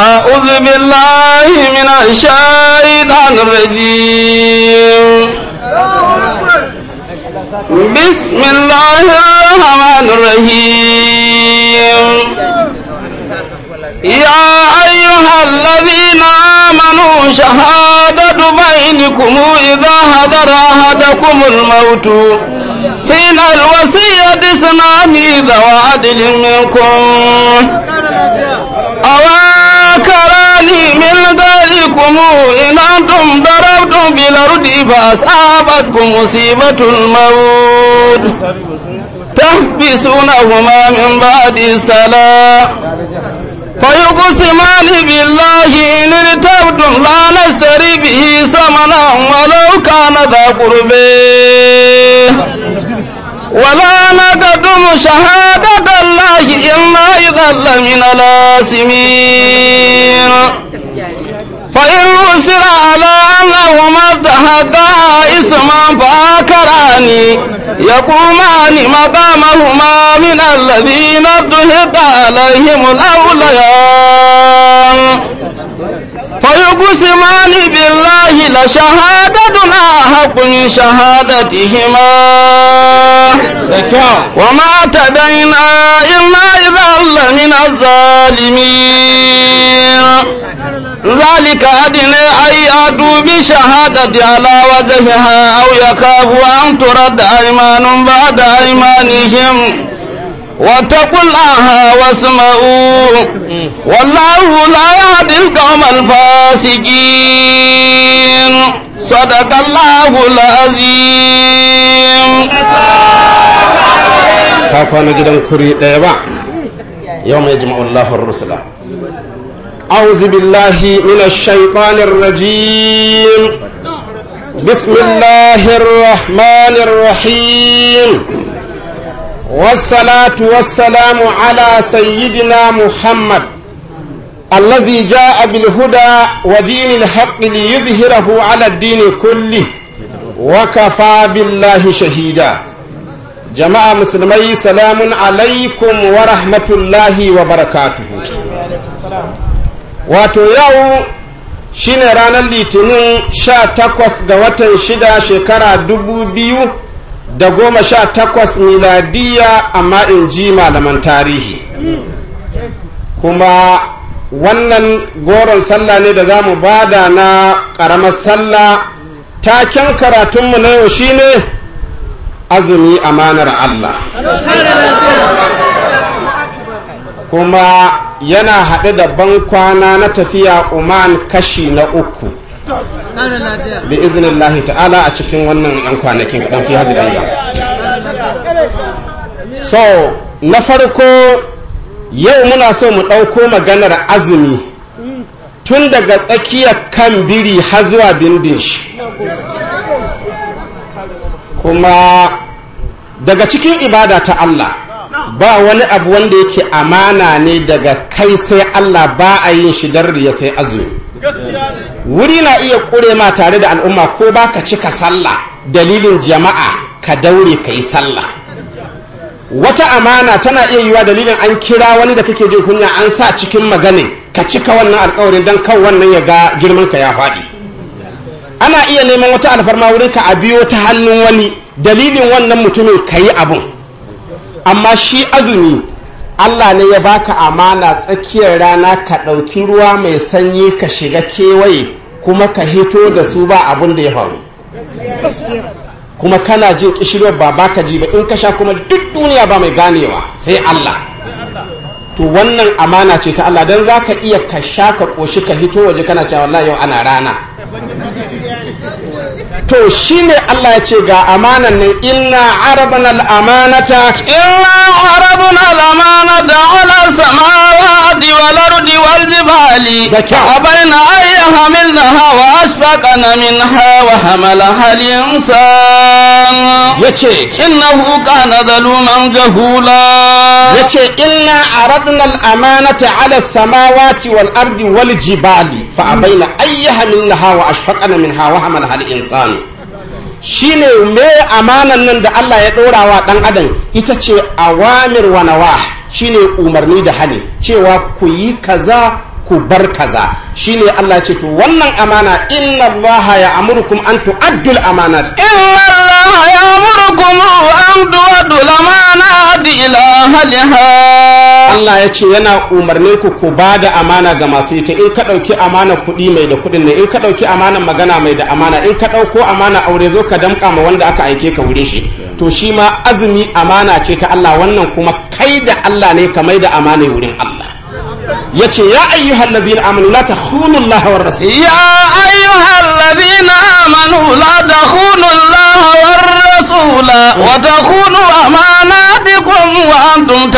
أعوذ بالله من الشيطان الرجيم بسم الله الرحمن الرحيم يا أيها الذين آمنوا شهادة بينكم إذا حضر أحدكم الموت حين الوصية سنان ذوى عدل منكم أو ذكران من ذلكم إن أنتم ضربتم في الأرض فأصابتكم مصيبة الموت تحبسونهما من بعد الصلاة فيقسمان بالله إن ارتبتم لا نشتري به ثمنا ولو كان ذا قربه ولا نقدم شهادة الله إلا إذا لمن الآسمين فإن أسر على أنهما اتهدا إثما فأكراني يقومان مقامهما من الذين اتهد عليهم الأوليان فيقسمان بالله لشهادتنا حق من شهادتهما وما تدينا إلا إذا من الظالمين ذلك أدنى أن يأتوا بشهادة على وجهها أو يخافوا أن ترد أيمان بعد أيمانهم واتقوا الله واسمعوا والله لا يهدي القوم الفاسقين صدق الله العظيم كاكوانا نجد كوري ديبا يوم يجمع الله الرسل أعوذ بالله من الشيطان الرجيم بسم الله الرحمن الرحيم والصلاة والسلام على سيدنا محمد الذي جاء بالهدى ودين الحق ليظهره على الدين كله وكفى بالله شهيدا جماعة مسلمي سلام عليكم ورحمة الله وبركاته واتو يو شين shine ranar شا 18 ga شدا شكرا دبو بيو da goma sha takwas miladiya amma in ji malaman tarihi kuma wannan goron sallah ne da za mu bada na ƙaramar sallah taken karatunmu na yau shine azumi amanar Allah kuma yana haɗe da bankwana na tafiya Oman kashi na uku bi izinin ta'ala a cikin wannan yan kwanakin kadan fi hajji ɗan so na farko yau muna so mu ɗauko maganar azumi tun daga tsakiyar kan biri har zuwa bindin shi kuma daga cikin ibada ta Allah ba wani abu wanda yake amana ne daga kai sai Allah ba a yin shi ya sai azumi wuri na iya kure ma tare da al'umma ko ba ka cika sallah dalilin jama'a ka daure ka yi sallah wata amana tana iya yiwa dalilin an kira wani da kake jin kunya an sa cikin magane ka cika wannan alkawarin don kan wannan ya ga girman ka ya faɗi ana iya neman wata alfarma wurin ka a biyo ta hannun wani dalilin wannan mutumin ka yi abun amma shi azumi Allah ne ya baka amana tsakiyar rana ka ɗauki ruwa mai sanyi ka shiga kewaye kuma ka hito da su ba abin da ya faru kuma kana jin kishiriyar ba baka ji ba in ka sha kuma duk duniya ba mai ganewa sai Allah to wannan amana ce ta Allah don za ka iya ka sha ka ƙoshi ka hito waje kana cewa wallahi yau ana rana to ne Allah ya ce ga amanan nan illa aradan al'amanata illa aradan al'amanata ala samawati wal ardi wal jibali abaina ay na wa asfaqana minha wa hamalaha al insan yace innahu kana zaluman jahula yace illa aradan al'amanata ala samawati wal ardi wal jibali fa abaina ay hamilnaha wa asfaqana minha hawa hamalaha halin sa. shine me amanan nan da Allah ya ɗora wa ɗan adam ita ce awamir wa nawa shine umarni da hane cewa ku yi kaza ku bar kaza ne Allah ce to wannan amana inna Allah ya amurkum an tu'addul amanat inna Allah ya amurkum an tu'addul amanat ila ahliha Allah ya ce yana umarni ku ku ba da amana ga masu ita in ka ɗauki amana kuɗi mai da kuɗin ne in ka ɗauki amana magana mai da amana in ka ɗauko amana aure zo ka damƙa ma wanda aka aike ka wurin shi to shi ma azumi amana ce ta Allah wannan kuma kai da Allah ne ka mai da amana wurin Allah Ya ce ya ayyu ladina amanu la ta hunun lahawar rasu ya ayyu ayyuhal ladina amanu la takhunu Allah war rasul wa takhunu amanatikum wa antum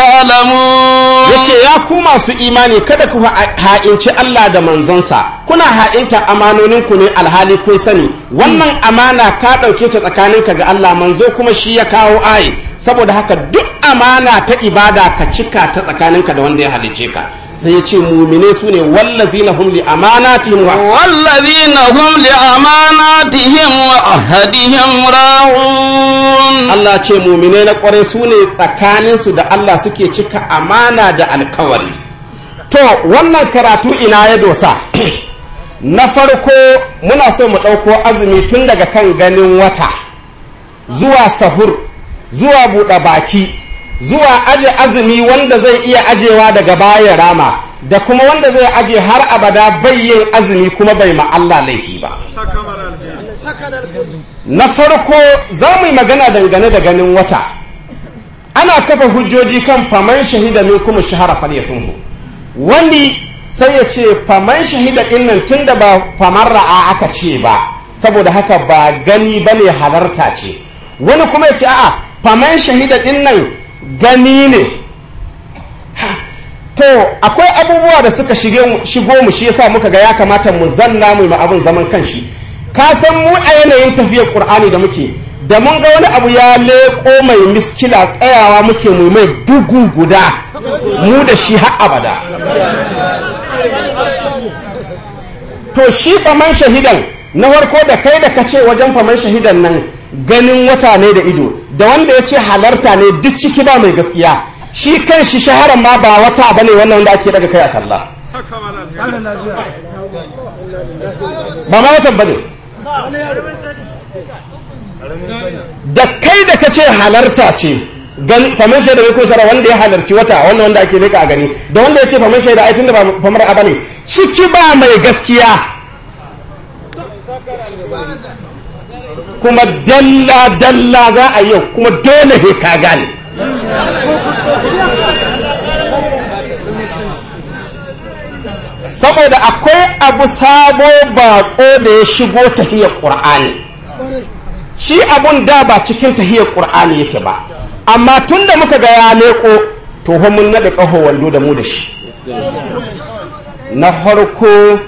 ya ce ya ku masu imani kada ku ha'inci Allah da manzonsa kuna ha'inta amanoninku ne alhali kun sani wannan amana ka dauke ta tsakaninka ga Allah manzo kuma shi ya kawo ayi saboda haka duk amana ta ibada ka cika ta tsakaninka da wanda ya halice ka sai ya ce mumine su ne na hum a amanatihim wa na hum a amanatihim wa ahadihim ra'un Allah ce mumine na kware su ne tsakaninsu da Allah suke cika amana da alkawari to wannan karatu ina ya dosa na farko muna so mu ɗauko azumi tun daga kan ganin wata zuwa sahur zuwa buɗe baki zuwa aje azumi wanda zai iya ajewa daga baya rama da kuma wanda zai aje har abada bai yin azumi kuma bai ma'alla laifi ba na farko za mu yi magana dangane da ganin wata ana kafa hujjoji kan faman shahida min kuma shahara fal sunhu. wani sai ya ce faman shahida din tun da ba faman ra'a aka ce ba saboda haka ba gani bane halarta ce wani kuma ya ce a'a faman shahida din gani ne to akwai abubuwa da suka shigo mu shi yasa muka ga ya kamata mu zanna mu ma abin zaman kanshi ka san mu a yanayin tafiyar qur'ani da muke da mun ga wani abu ya leko mai miskila tsayawa muke mu mai dugu guda mu da shi har abada to shi ba man shahidan na farko da kai da kace wajen faman shahidan nan ganin wata ne da ido da wanda ya ce halarta ne duk ciki ba mai gaskiya shi kan shi shaharar ma ba wata ba ne wannan wanda ake daga kai a kalla ba ma wata ba ne da kai da kace halarta ce famin shaida mai kusa wanda ya halarci wata wannan wanda ake leka a gani da wanda ya ce famin shaida aitin da famar ba ne ciki ba mai gaskiya kuma dalla dalla za a yau kuma dole he ka gane saboda akwai abu sabo bako da ya shigo ta tahiyar ƙur'ani shi abun da ba cikin ta tahiyar ƙur'ani yake ba amma tun da muka ga ya leko to mun naɗa ƙaho wando da mu da shi na farko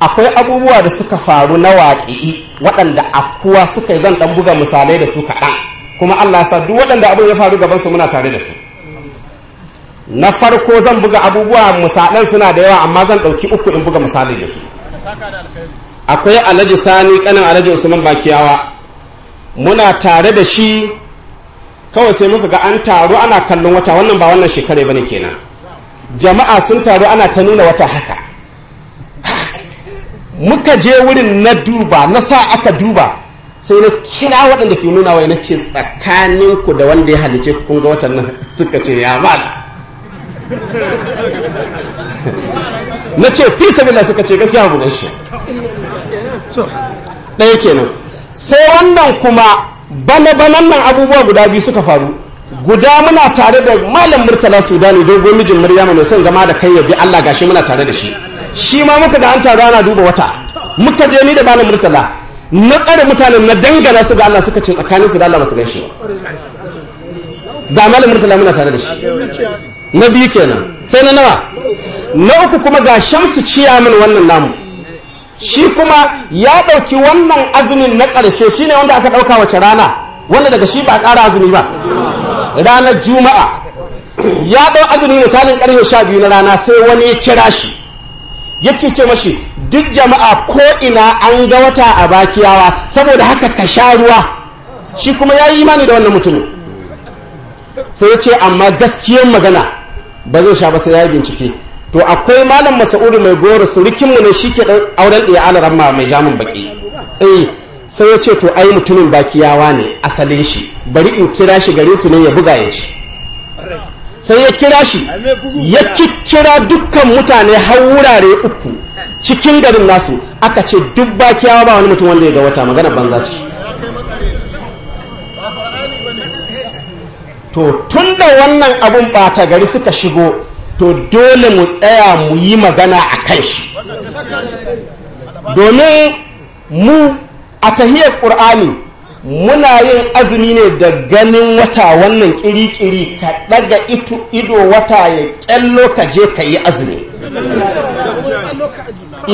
akwai abubuwa da suka faru na waƙi'i waɗanda afkuwa suka yi zan ɗan buga misalai da su kaɗan kuma Allah sa duk waɗanda abin ya faru gaban su muna tare da su na farko zan buga abubuwa misalan suna da yawa amma zan ɗauki uku in buga misalai da su akwai alhaji sani kanin alhaji usman bakiyawa muna tare da shi kawai sai muka ga an taru ana kallon wata wannan ba wannan ba bane kenan jama'a sun taru ana ta nuna wata haka muka je wurin na duba na sa aka duba sai na kira waɗanda ke nuna wai na ce tsakaninku da wanda ya halice kun ga watan nan suka ce ya mala na ce fi sabila suka ce gaskiya bugan shi ɗaya kenan sai wannan kuma bana banan nan abubuwa guda biyu suka faru guda muna tare da malam murtala sudani dogon mijin maryama mai son zama da kai ya allah gashi muna tare da shi shi ma muka ga an taru ana duba wata muka je ni da malam murtala na tsare mutanen na dangana su ga Allah suka ce tsakanin su da Allah ba su shi. ba malam murtala muna tare da shi na biyu kenan sai na nawa na uku kuma ga shamsu ciya min wannan namu shi kuma ya ɗauki wannan azumin na ƙarshe shine wanda aka ɗauka wace rana wanda daga shi ba kara azumi ba ranar juma'a ya ɗau azumi misalin karfe sha biyu na rana sai wani ya kira shi yake ce mashi duk jama'a ko ina an ga wata a bakiyawa saboda haka ka sha ruwa shi kuma ya yi imani da wannan mutumin sai ya ce amma gaskiyar magana ba zai sha ba sai ya yi bincike to akwai malam masa'udu mai goro surukinmu ne shi ke auren ɗaya alaran ma mai jamin baki eh sai yace ce to ai mutumin bakiyawa ne asalin shi bari in kira shi gare su ne ya buga ya ce sai ya kira shi ya kikkira dukkan mutane har wurare uku cikin garin nasu aka ce duk bakiyawa ba wani mutum wanda ya ga wata magana banza ce to tun da wannan abun bata gari suka shigo to dole mu tsaya mu yi magana a kan shi domin mu a tahiyar ƙur'ani muna yin azumi ne da ganin wata wannan kiri-kiri ka daga ido wata ya kyallo ka je ka yi azumi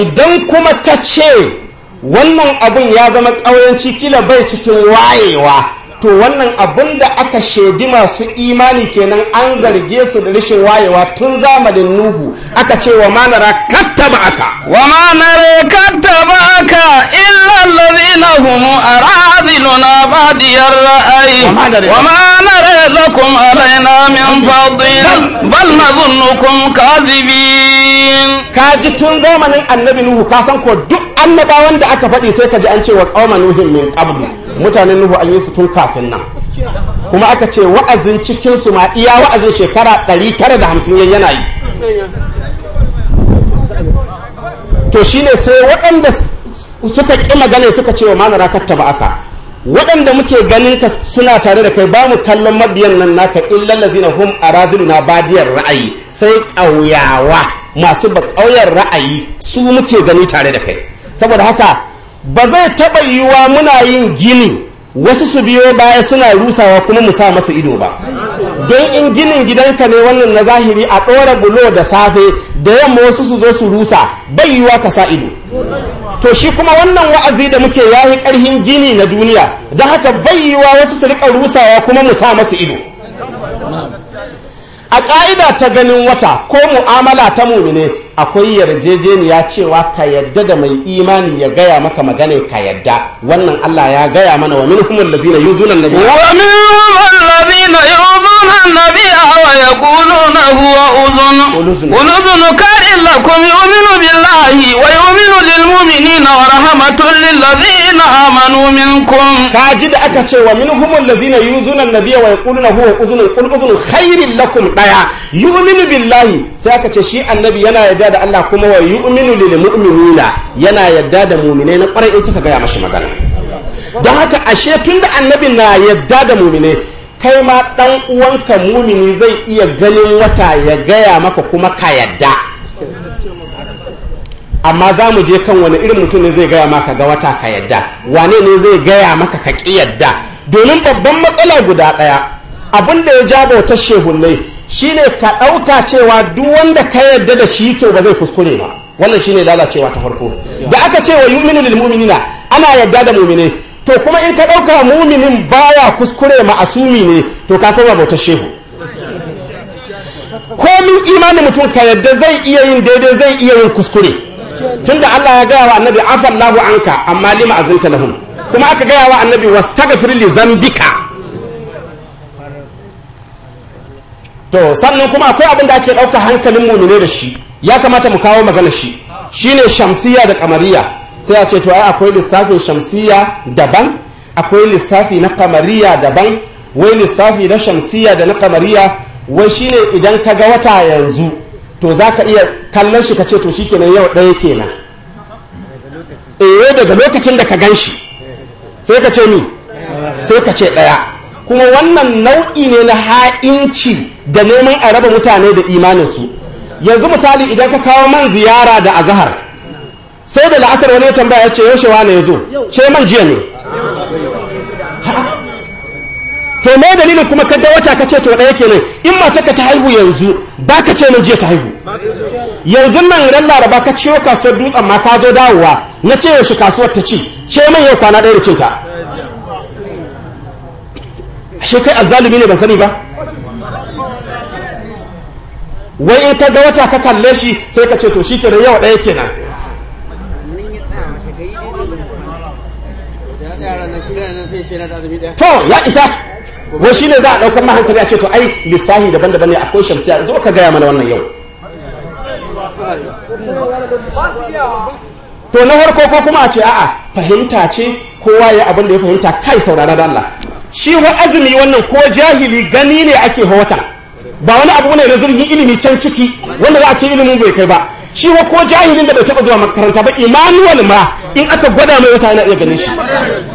idan kuma ka ce wannan abin ya zama kawayen cikila bai cikin wayewa to wannan abun da aka shaidi masu imani kenan an zarge su da rashin wayewa tun zamanin nuhu aka ce wa manara kattaba aka wa manara kattaba aka illa na allazina hum aradiluna badiyar ra'ayi wa manara lakum alaina min fadlin bal nadhunnukum kazibin ji tun zamanin annabi nuhu ka san ko duk annabawan da aka faɗi sai ka ji an ce wa ƙauma nuhin min ƙabdu mutanen nuhu an yi su tun kafin kafin nan kuma aka ce wa'azin cikinsu ma iya wa'azin shekara 950 yana yi to shine sai waɗanda suka ƙi magana suka ce wa manara katta ba aka waɗanda muke ganin ka suna tare da kai ba mu kallon mabiyan nan naka illal lazina hum araduna badiyar ra'ayi sai ƙauyawa masu ba ƙauyar ra'ayi su muke gani tare da kai saboda haka ba zai taɓa yiwuwa muna yin gini wasu su biyo baya suna rusawa kuma mu sa masu ido ba don in ginin gidanka ne wannan na zahiri a ɗora bulo da safe da yamma wasu su zo su rusa bai yiwa ka sa ido to shi kuma wannan wa'azi da muke yayi ƙarhin gini na duniya don haka bai wa wasu su riƙa rusawa kuma mu sa masu ido a ƙa'ida ta ganin wata ko mu'amala ta mumine akwai yarjejeniya cewa ka yadda da mai imani ya gaya maka magana ka yadda wannan Allah ya gaya mana wa minhum allazina yuzuna nabi wa minhum allazina yuzuna nabi wa yaquluna huwa uzun uluzun karin lakum yu'minu billahi wa yu'minu lil mu'minina wa rahmatul lil ladzina amanu minkum kaji da aka ce wa minhum allazina yuzuna nabi wa yaquluna huwa uzun qul uzun khairil lakum daya yu'minu billahi sai aka ce shi annabi yana yadda yarda da Allah kuma wa yu'minu lil mu'minina yana yarda da mu'minai na kwarai in suka gaya mashi magana don haka ashe tunda annabi na yarda da mu'minai kai ma dan uwanka mu'mini zai iya ganin wata ya gaya maka kuma ka yarda amma za mu je kan wani irin mutum ne zai gaya maka ga wata ka yarda wane ne zai gaya maka ka ki yarda domin babban matsala guda ɗaya abin da ya ja bautar shi ne ka ɗauka cewa duk wanda ka yarda da shi to ba zai kuskure ba wannan shi ne lalacewa ta farko da aka ce wa yu'minu lil na ana yarda da mu'mine to kuma in ka ɗauka mu'minin baya kuskure ma'asumi ne to ka koma bautar shehu komin imanin mutum ka yarda zai iya yin daidai zai iya yin kuskure tunda Allah ya gaya wa annabi afallahu anka amma lima azinta lahum kuma aka gaya wa annabi wastaghfir li zambika to sannan kuma akwai abin da ake ɗauka hankalin ne da shi ya kamata mu kawo magana shi shine shamsiya da kamariya sai a ce to ai akwai lissafin shamsiya daban akwai lissafi na kamariya daban wai lissafi na shamsiya da na kamariya wai shine idan ka ga wata yanzu to za ka iya kallon shi ka ce to shikenan yau ɗaya kenan eh daga lokacin da ka gan shi sai ka ce mi sai ka ce ɗaya kuma wannan nau'i ne na ha'inci da neman a raba mutane da imaninsu yanzu misali idan ka kawo man ziyara da azahar sai da la'asar wani ya tambaya ya ce yaushe wane ya zo ce man jiya ne to me dalilin kuma ka wata ka ce to ɗaya ne, in mata ka ta haihu yanzu ba ka ce min jiya ta haihu yanzu nan ran laraba ka ciwo kasuwar dutsen ma ka zo dawowa na ce yaushe kasuwar ta ci ce man yau kwana ɗaya da cinta ashe kai azzalumi ne ban sani ba wai in ka ga wata ka kalle shi sai ka ce to shi kenan yawa ɗaya kenan to ya isa wa shi ne za a ɗaukar mahankali a ce to ai lissahi daban-daban ne a koshin siya zo ka gaya mana wannan yau to na harko ko kuma a ce a'a fahimta ce kowa ya abin da ya fahimta kai saurara da Allah shi wa azumi wannan ko jahili gani ne ake hota ba wani abu ne na zurfin ilimi can ciki wanda za a ce ilimin bai kai ba shi wa ko jahilin da bai taba zuwa makaranta ba imanuwal ma in aka gwada mai wata yana iya ganin shi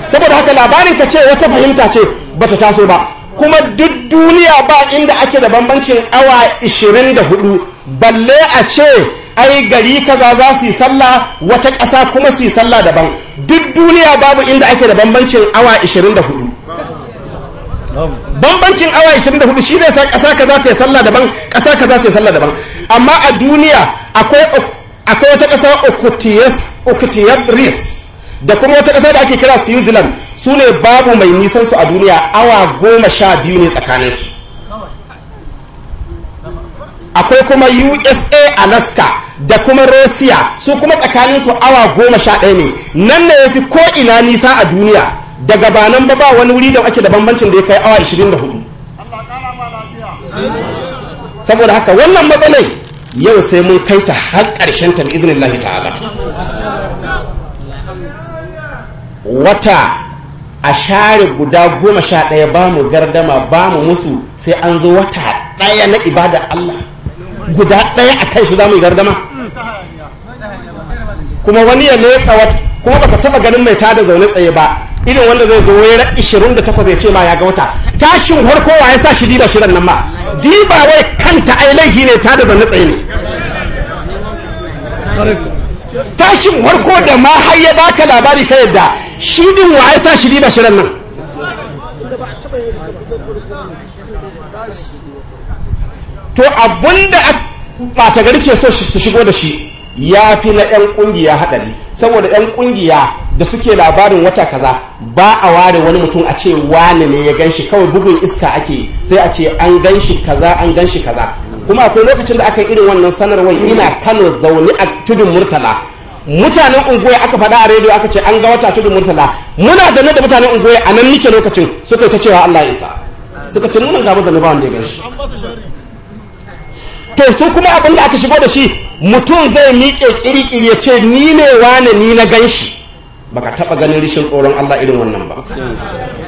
saboda haka labarin ka ce wata fahimta ce bata taso ba kuma duk duniya ba inda ake da bambancin awa 24 balle a ce ai gari kaza za su yi sallah wata ƙasa kuma su yi sallah daban duk duniya babu inda ake da bambancin awa 24 bambancin awa 24 shi ne sa ƙasa kaza ta sallah daban ƙasa kaza ta sallah daban amma a duniya akwai wata ƙasa Okutiyadris da kuma wata ƙasa da ake kira Switzerland su ne babu mai nisan su a duniya awa goma sha biyu ne tsakanin su akwai kuma USA Alaska da kuma Russia su kuma tsakanin su awa goma sha ɗaya ne nan ne yafi ko ina nisa a duniya daga ba nan ba ba wani wuri da ake da bambancin da ya kai awa 24 saboda haka wannan matsalai yau sai mun kai ta har ƙarshen ta izinin lahi ta'ala wata a share guda goma sha ɗaya ba mu gardama ba mu musu sai an zo wata ɗaya na ibada Allah guda ɗaya a kan shi za mu gardama kuma wani ya leka wata kuma baka taba ganin mai tada zaune tsaye ba irin wanda zai zo wayar 28 ya ce ma ya ga wata tashin harko wa ya sa shi diba shirin nan ma diba wai kanta ai laifi ne tada zaune tsaye ne tashin harko da ma har ya baka labari ka yadda shi din wa ya sa shi diba shirin nan to abunda ba ta gari ke so su shigo da shi ya fi na 'yan ƙungiya haɗari saboda 'yan ƙungiya da suke labarin wata kaza ba a ware wani mutum a ce wani ne ya ganshi kawai bugun iska ake sai a ce an ganshi kaza an ganshi kaza kuma akwai lokacin da aka yi irin wannan sanarwar ina kano zaune a tudun murtala mutanen unguwa aka faɗa a rediyo aka ce an ga wata tudun murtala muna zanne da mutanen unguwa a nan nike lokacin suka yi ta cewa allah ya isa suka ce nuna gaba ba wanda ya ganshi to su kuma abin da aka shigo da shi mutum zai miƙe ƙirƙiri ya ce ni ne wane ni na gan shi ba ka taɓa ganin rishin tsoron Allah irin wannan ba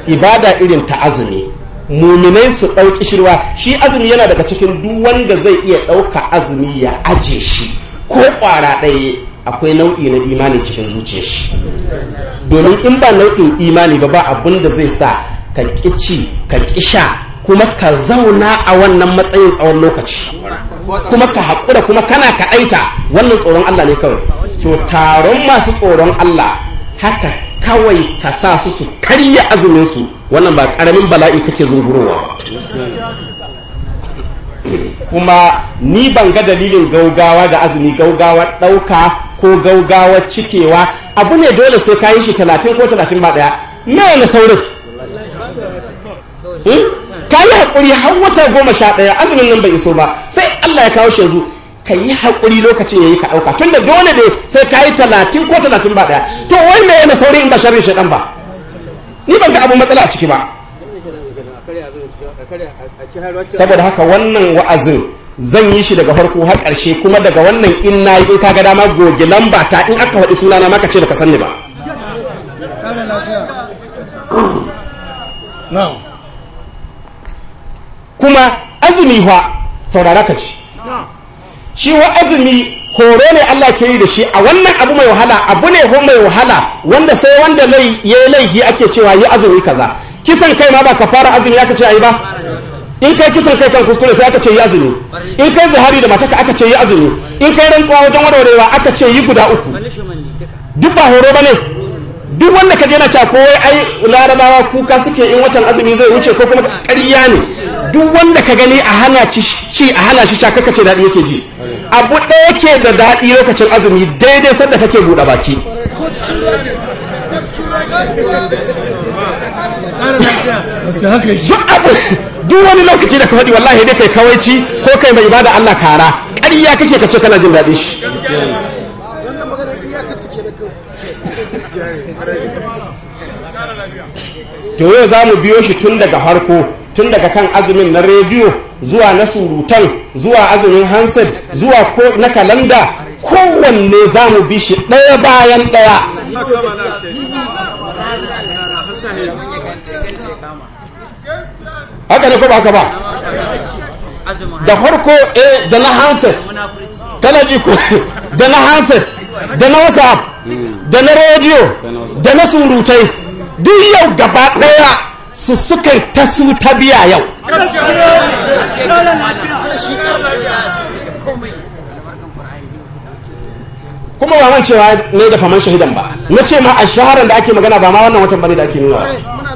ibada irin ta azumi muminai su ɗauki shirwa shi azumi yana daga cikin duk wanda zai iya ɗauka azumi ya aje shi ko ƙwara ɗaya akwai nau'i na imani cikin zuciyar shi domin in ba nau'in imani ba ba abin da zai sa ka ƙici ka sha kuma ka zauna a wannan matsayin tsawon lokaci kuma ka haƙura kuma kana kaɗaita wannan tsoron Allah ne kawai to taron masu tsoron Allah haka kawai ka sa su su karya azumin su wannan ba karamin bala'i kake zungurowa kuma ni ban ga dalilin gaugawa da azumi gaugawa ɗauka ko gaugawa cikewa abu ne dole sai ka yi shi talatin ko talatin ba ɗaya me na saurin hmm? ka yi haƙuri har wata goma sha ɗaya azumin nan bai iso ba sai Allah ya kawo shi yanzu ka yi haƙuri lokacin ya yi ka ɗauka tunda dole ne sai ka yi talatin ko talatin ba ɗaya to wai me yana sauri in ba sharrin shaɗan ba ni ban ga abu matsala a ciki ba saboda haka wannan wa'azin zan yi shi daga farko har ƙarshe kuma daga wannan in na yi ka ga dama goge lamba ta in aka faɗi sunana na ka ce baka sani ba. kuma azumi fa saurara ka ci shi wa azumi horo ne Allah ke yi da shi a wannan abu mai wahala abu ne ho mai wahala wanda sai wanda lai ya yi laifi ake cewa yi azumi kaza kisan kai ma ba ka fara azumi aka ce ayi ba in kai kisan kai kan kuskure sai aka ce yi azumi in kai zahari da mataka aka ce yi azumi in kai rantsuwa wajen warwarewa aka ce yi guda uku duk ba horo ba ne duk wanda ka je na cakowai ai larabawa kuka suke in watan azumi zai wuce ko kuma karya ne duk wanda ka gani a hana shi a hana shi shaka ce daɗi yake ji abu ɗaya yake da daɗi lokacin azumi daidai sanda kake buɗe baki duk wani lokaci da ka faɗi wallahi dai kai kawaici ko kai mai ibada Allah kara ƙarya kake kace kana jin daɗin shi to yau za mu biyo shi tun daga harko tun daga kan azumin na rediyo zuwa na surutan zuwa azumin hanset zuwa ko na kalanda kowanne za mu bi shi ɗaya bayan ɗaya haka ne ko ba ba da farko eh da na handset kana ji ko da na handset da na whatsapp da na rediyo da na surutai duk yau gaba ɗaya su suka ta su ta biya yau kuma ba man cewa ne da faman shahidan ba na ce ma a shaharar da ake magana ba ma wannan watan bane da ake nuna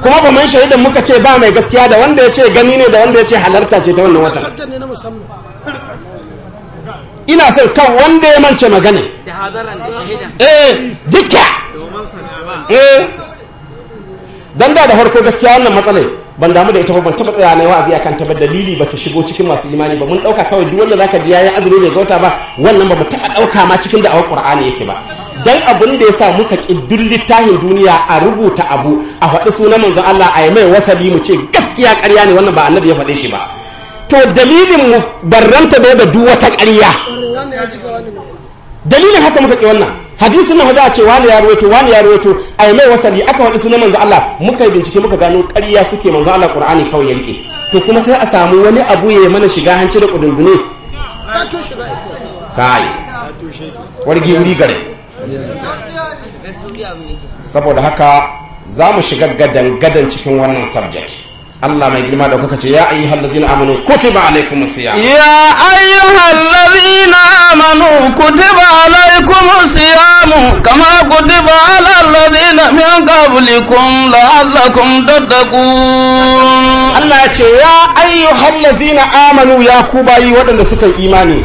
kuma faman shahidan muka ce ba mai gaskiya da wanda ya ce gani ne da wanda ya ce halarta ce ta wannan watan ina so kan wanda ya mance magana eh dukka. eh dan da da harko gaskiya wannan matsalai ban damu da ita ba ban taba tsaya na wa'azi akan ta ba dalili ba ta shigo cikin masu imani ba mun dauka kawai duk wanda zaka ji yayi azumi bai gauta ba wannan ba mu taba dauka ma cikin da'awar qur'ani yake ba dan abin da yasa muka kiddun littafin duniya a rubuta abu a faɗi sunan manzon Allah a yi mai wasabi mu ce gaskiya ƙarya ne wannan ba annabi ya faɗe shi ba to dalilin mu barranta da duk wata ƙarya dalilin haka muka ki wannan hadisi na za a ce wani ya rawaito wani ya rawaito ai mai wasali aka wadi sunan manzo Allah muka yi bincike muka gano ƙarya suke manzo Allah Qur'ani kawai ya rike to kuma sai a samu wani abu ya mana shiga hanci da kudundune kai wargi wuri gare saboda haka za mu shiga gadan gadan cikin wannan subject Allah mai girma da kuka ce ya ayi hallazin amanu kutiba alaikum siya. ya ayi hallazin amanu kutiba siya mu. kama kutiba ala na min qablikum la'allakum tattaqun Allah ya ce ya ayi na amanu ya ku bayi waɗanda suka imani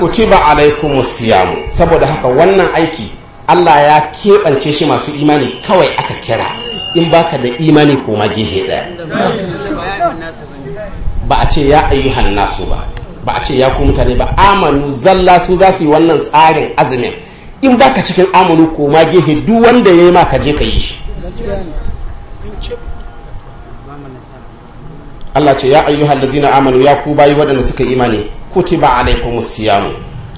kutiba alaikum mu. saboda haka wannan aiki Allah ya keɓance shi masu imani kawai aka kira in baka da imani koma gehe daya ba a ce ya ayyuhan nasu ba ba a ce ya ku mutane ba amanu zalla su za su yi wannan tsarin azumin in baka cikin amanu koma gehe duk wanda ya yi ma ka je ka yi shi Allah ce ya ayyuhal zina amanu ya ku bayi waɗanda suka imani kutiba alaikumus siyamu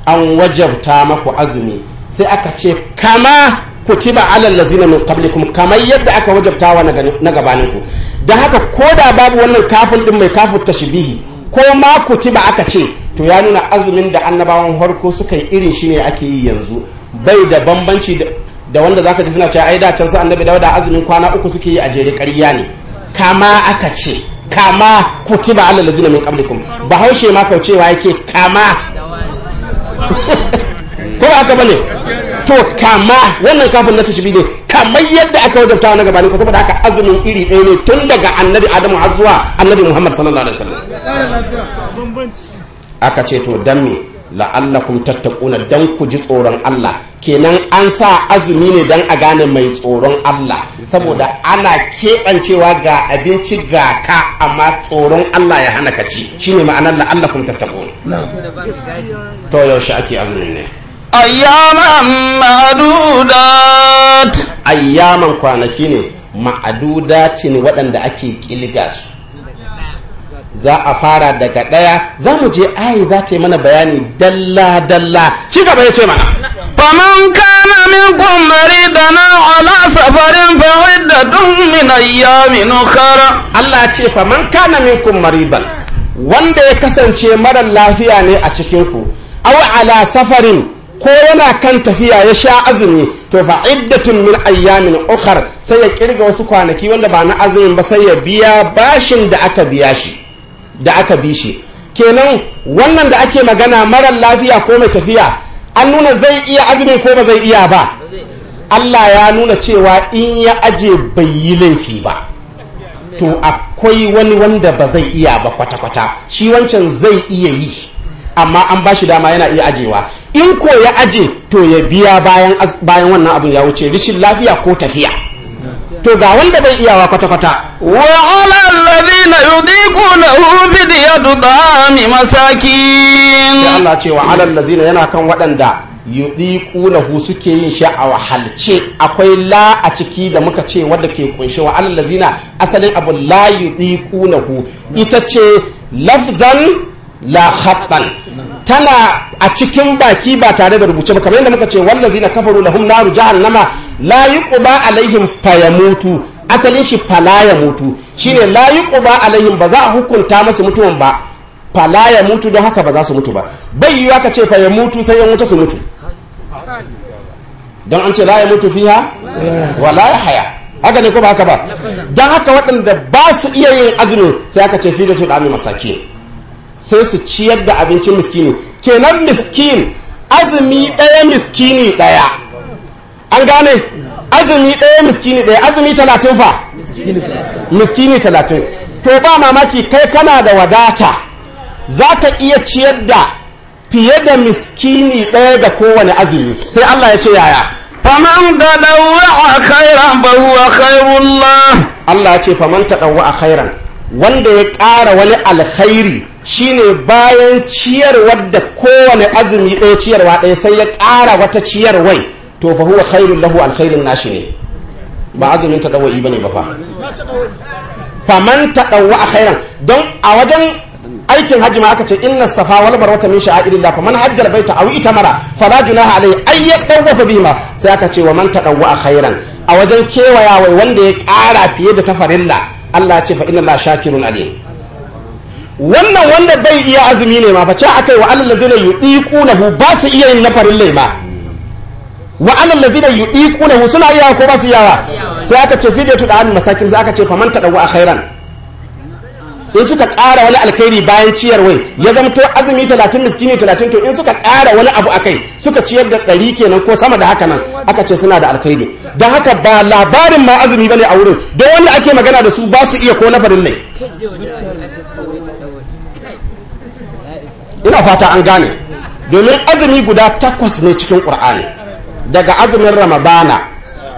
an wajabta maku azumi sai aka ce kama kutiba alal lazina min qablikum kamar yadda aka wajabtawa na gabaninku da haka ko da babu wannan kafin din mai kafin tashbihi ko ma kutiba aka ce to ya nuna azumin da annabawan farko suka yi irin shi ne ake yi yanzu bai da bambanci da wanda zaka ji suna cewa ai da can sai annabi da azumin kwana uku suke yi a jere ƙarya ne kama aka ce kama kutiba alal lazina min qablikum bahaushe ma kaucewa yake kama ko ba haka bane to kama wannan kafin na ne kamar yadda aka wajabta na gabanin ku saboda haka azumin iri ɗaya ne tun daga annabi adamu har zuwa annabi muhammad sallallahu alaihi wasallam aka ce to dan me la'allakum tattaquna dan ku ji tsoron Allah kenan an sa azumi ne dan a gane mai tsoron Allah saboda ana keɓancewa ga abinci ga ka amma tsoron Allah ya hana ka ci shine ma'anar la'allakum tattaquna to yaushe ake azumi ne ayyaman ma'adudat ayyaman kwanaki ne ma'adudaci ne waɗanda ake ƙilga su za a fara daga ɗaya za mu je ayi za ta yi mana bayani dalla-dalla ci gaba ya ce mana faman kana min kumari da na ala safarin fa'id da dun min minu kara. Allah ce faman kana min kumari wanda ya kasance mara lafiya ne a cikinku ku ala safarin ko yana kan tafiya ya sha azumi to fa iddatun min ayyamin ukhar sai ya kirga wasu kwanaki wanda ba na azumin ba sai ya biya bashin da aka biya shi da aka bi shi kenan wannan da ake magana marar lafiya ko mai tafiya an nuna zai iya azumin ko ba zai iya ba Allah ya nuna cewa in ya aje bai yi laifi ba to akwai wani wanda ba zai iya ba kwata-kwata shi wancan zai iya yi amma an ba shi dama yana iya ajewa in ko ya aje to ya biya bayan wannan abin ya wuce rishin lafiya ko tafiya to ga wanda bai iyawa kwata-kwata wa ala na yudiqunahu fidyatu ta'ami masakin da Allah ce wa ala yana kan waɗanda na hu suke yin sha'awa halce akwai la a ciki da muka ce wanda ke kunshi wa ala na asalin abu la na hu ita ce lafzan la khattan tana a cikin baki ba tare da rubuce ba kamar yadda muka ce wallazi na kafaru lahum naru jahannama la yuquba alaihim fayamutu asalin shi fala ya mutu shine la yuquba alaihim ba za a hukunta musu mutuwan ba fala ya mutu don haka ba za su mutu ba bai yiwa ka ce fa mutu sai yan wuta su mutu don an ce la ya mutu fiha wa la ya haya haka ne ko ba haka ba don haka waɗanda ba su iya yin azumin sai aka ce fi da tuɗa mai masakin sai su ciyar da abincin miskini kenan miskin azumi ɗaya miskini ɗaya an gane azumi ɗaya miskini ɗaya azumi talatin fa miskini talatin to ba mamaki kai kana da wadata za ka iya ciyar da fiye da miskini ɗaya da kowane azumi sai allah ya ce yaya faman tadawwa khairan ba huwa khairullah allah ya ce faman tadawwa khairan wanda ya ƙara wani alkhairi Shi ne bayan ciyarwar da kowane azumi ɗaya ciyarwa ɗaya sai ya ƙara wata ciyarwai to fa huwa khairun lahu alkhairin nashi ne ba azumin ta dawa'i ne ba fa man ta a khairan don a wajen aikin hajji ma aka ce inna safa wal marwa min sha'airillah man hajjar baita aw itamara la junaha alai ay fa bihima sai aka ce wa man ta a khairan a wajen kewayawai wanda ya ƙara fiye da tafarilla Allah ya ce fa inna la shakirun alim wannan wanda bai iya azumi ne ma face ce akai wa alal ladina yudiqunahu ba su iya yin nafarin ba wa alal ladina yudiqunahu suna iya ko ba su yawa sai aka ce fidiyatu da an masakin sai aka ce faman a khairan in suka ƙara wani alkhairi bayan ciyarwai ya zamto azumi 30 miskini 30 to in suka ƙara wani abu akai suka ciyar da ɗari kenan ko sama da haka nan aka ce suna da alkhairi don haka ba labarin ma azumi bane a wurin don wanda ake magana da su ba su iya ko nafarin ne ina fata an gane domin azumi guda takwas ne cikin ƙur'ani daga azumin ramadana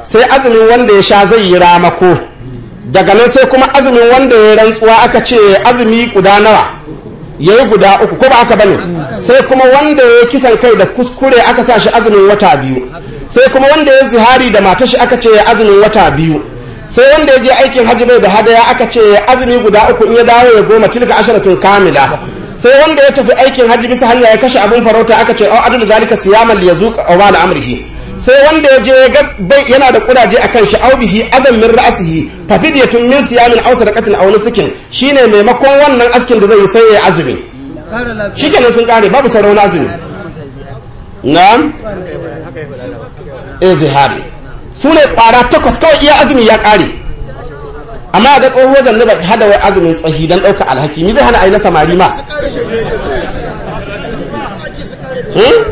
sai azumin wanda ya sha zai yi ramako daga nan sai kuma azumin wanda ya rantsuwa aka ce azumi guda nawa ya yi guda uku ko ba aka bane sai kuma wanda ya kisan kai da kuskure aka sa shi azumin wata biyu sai kuma wanda ya zihari da shi aka ce azumin wata biyu sai wanda ya je aikin hajji bai da hadaya aka ce azumi guda uku in ya dawo ya goma tilka asharatun kamila sai wanda ya tafi aikin hajji bisa hanya ya kashe abin farauta aka ce au adul zalika siyaman li a wani amrihi sai wanda ya je yana da kuraje akan shi au bihi azam min ra'sihi fa fidyatun min siyamin aw sadaqatin aw nusukin shine maimakon wannan askin da zai sai ya azumi shikenan sun kare babu sauran azumi na'am eh sune kwara takwas kawai iya azumi ya kare amma ga tsohuwar zanne ba hada wa azumin tsahi don ɗauka alhaki mi zai hana aina samari ma hmm?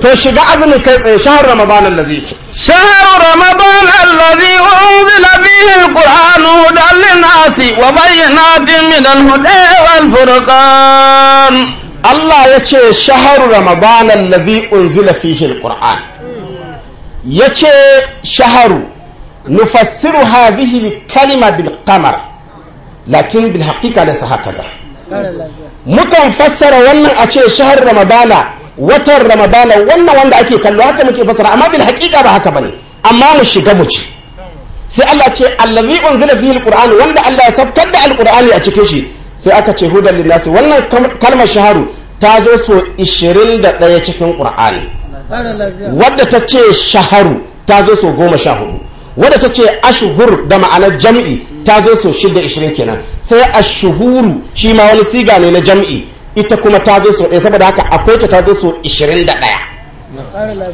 to shiga azumin kai tsaye shahar ramadan allazi ke shahar ramadan allazi unzila bihi alqur'anu hudan linasi wa bayyanatin min alhuda wal furqan Allah ya ce shahar ramadan allazi unzila fihi alqur'an ya ce shaharu nufassiru hadhihi kalima bil qamar lakin bil haqiqa mukan fassara wannan a ce shahar ramadana watan ramadana wannan wanda ake kallo haka muke fassara amma bil haqiqa ba haka bane amma mu shiga mu ci sai Allah ce allazi unzila fihi alquran wanda Allah ya sabkar da alqurani a cikin shi sai aka ce hudan linnasi wannan kalmar shaharu ta zo so 21 cikin qur'ani wadda ta ce shaharu ta zo so 14 wadda ta ce ashuhur da ma'anar jam'i ta zo so shida ishirin kenan sai ashuhuru shi ma wani siga ne na jam'i ita kuma ta zo so ɗaya saboda haka akwai ta ta zo so ishirin da ɗaya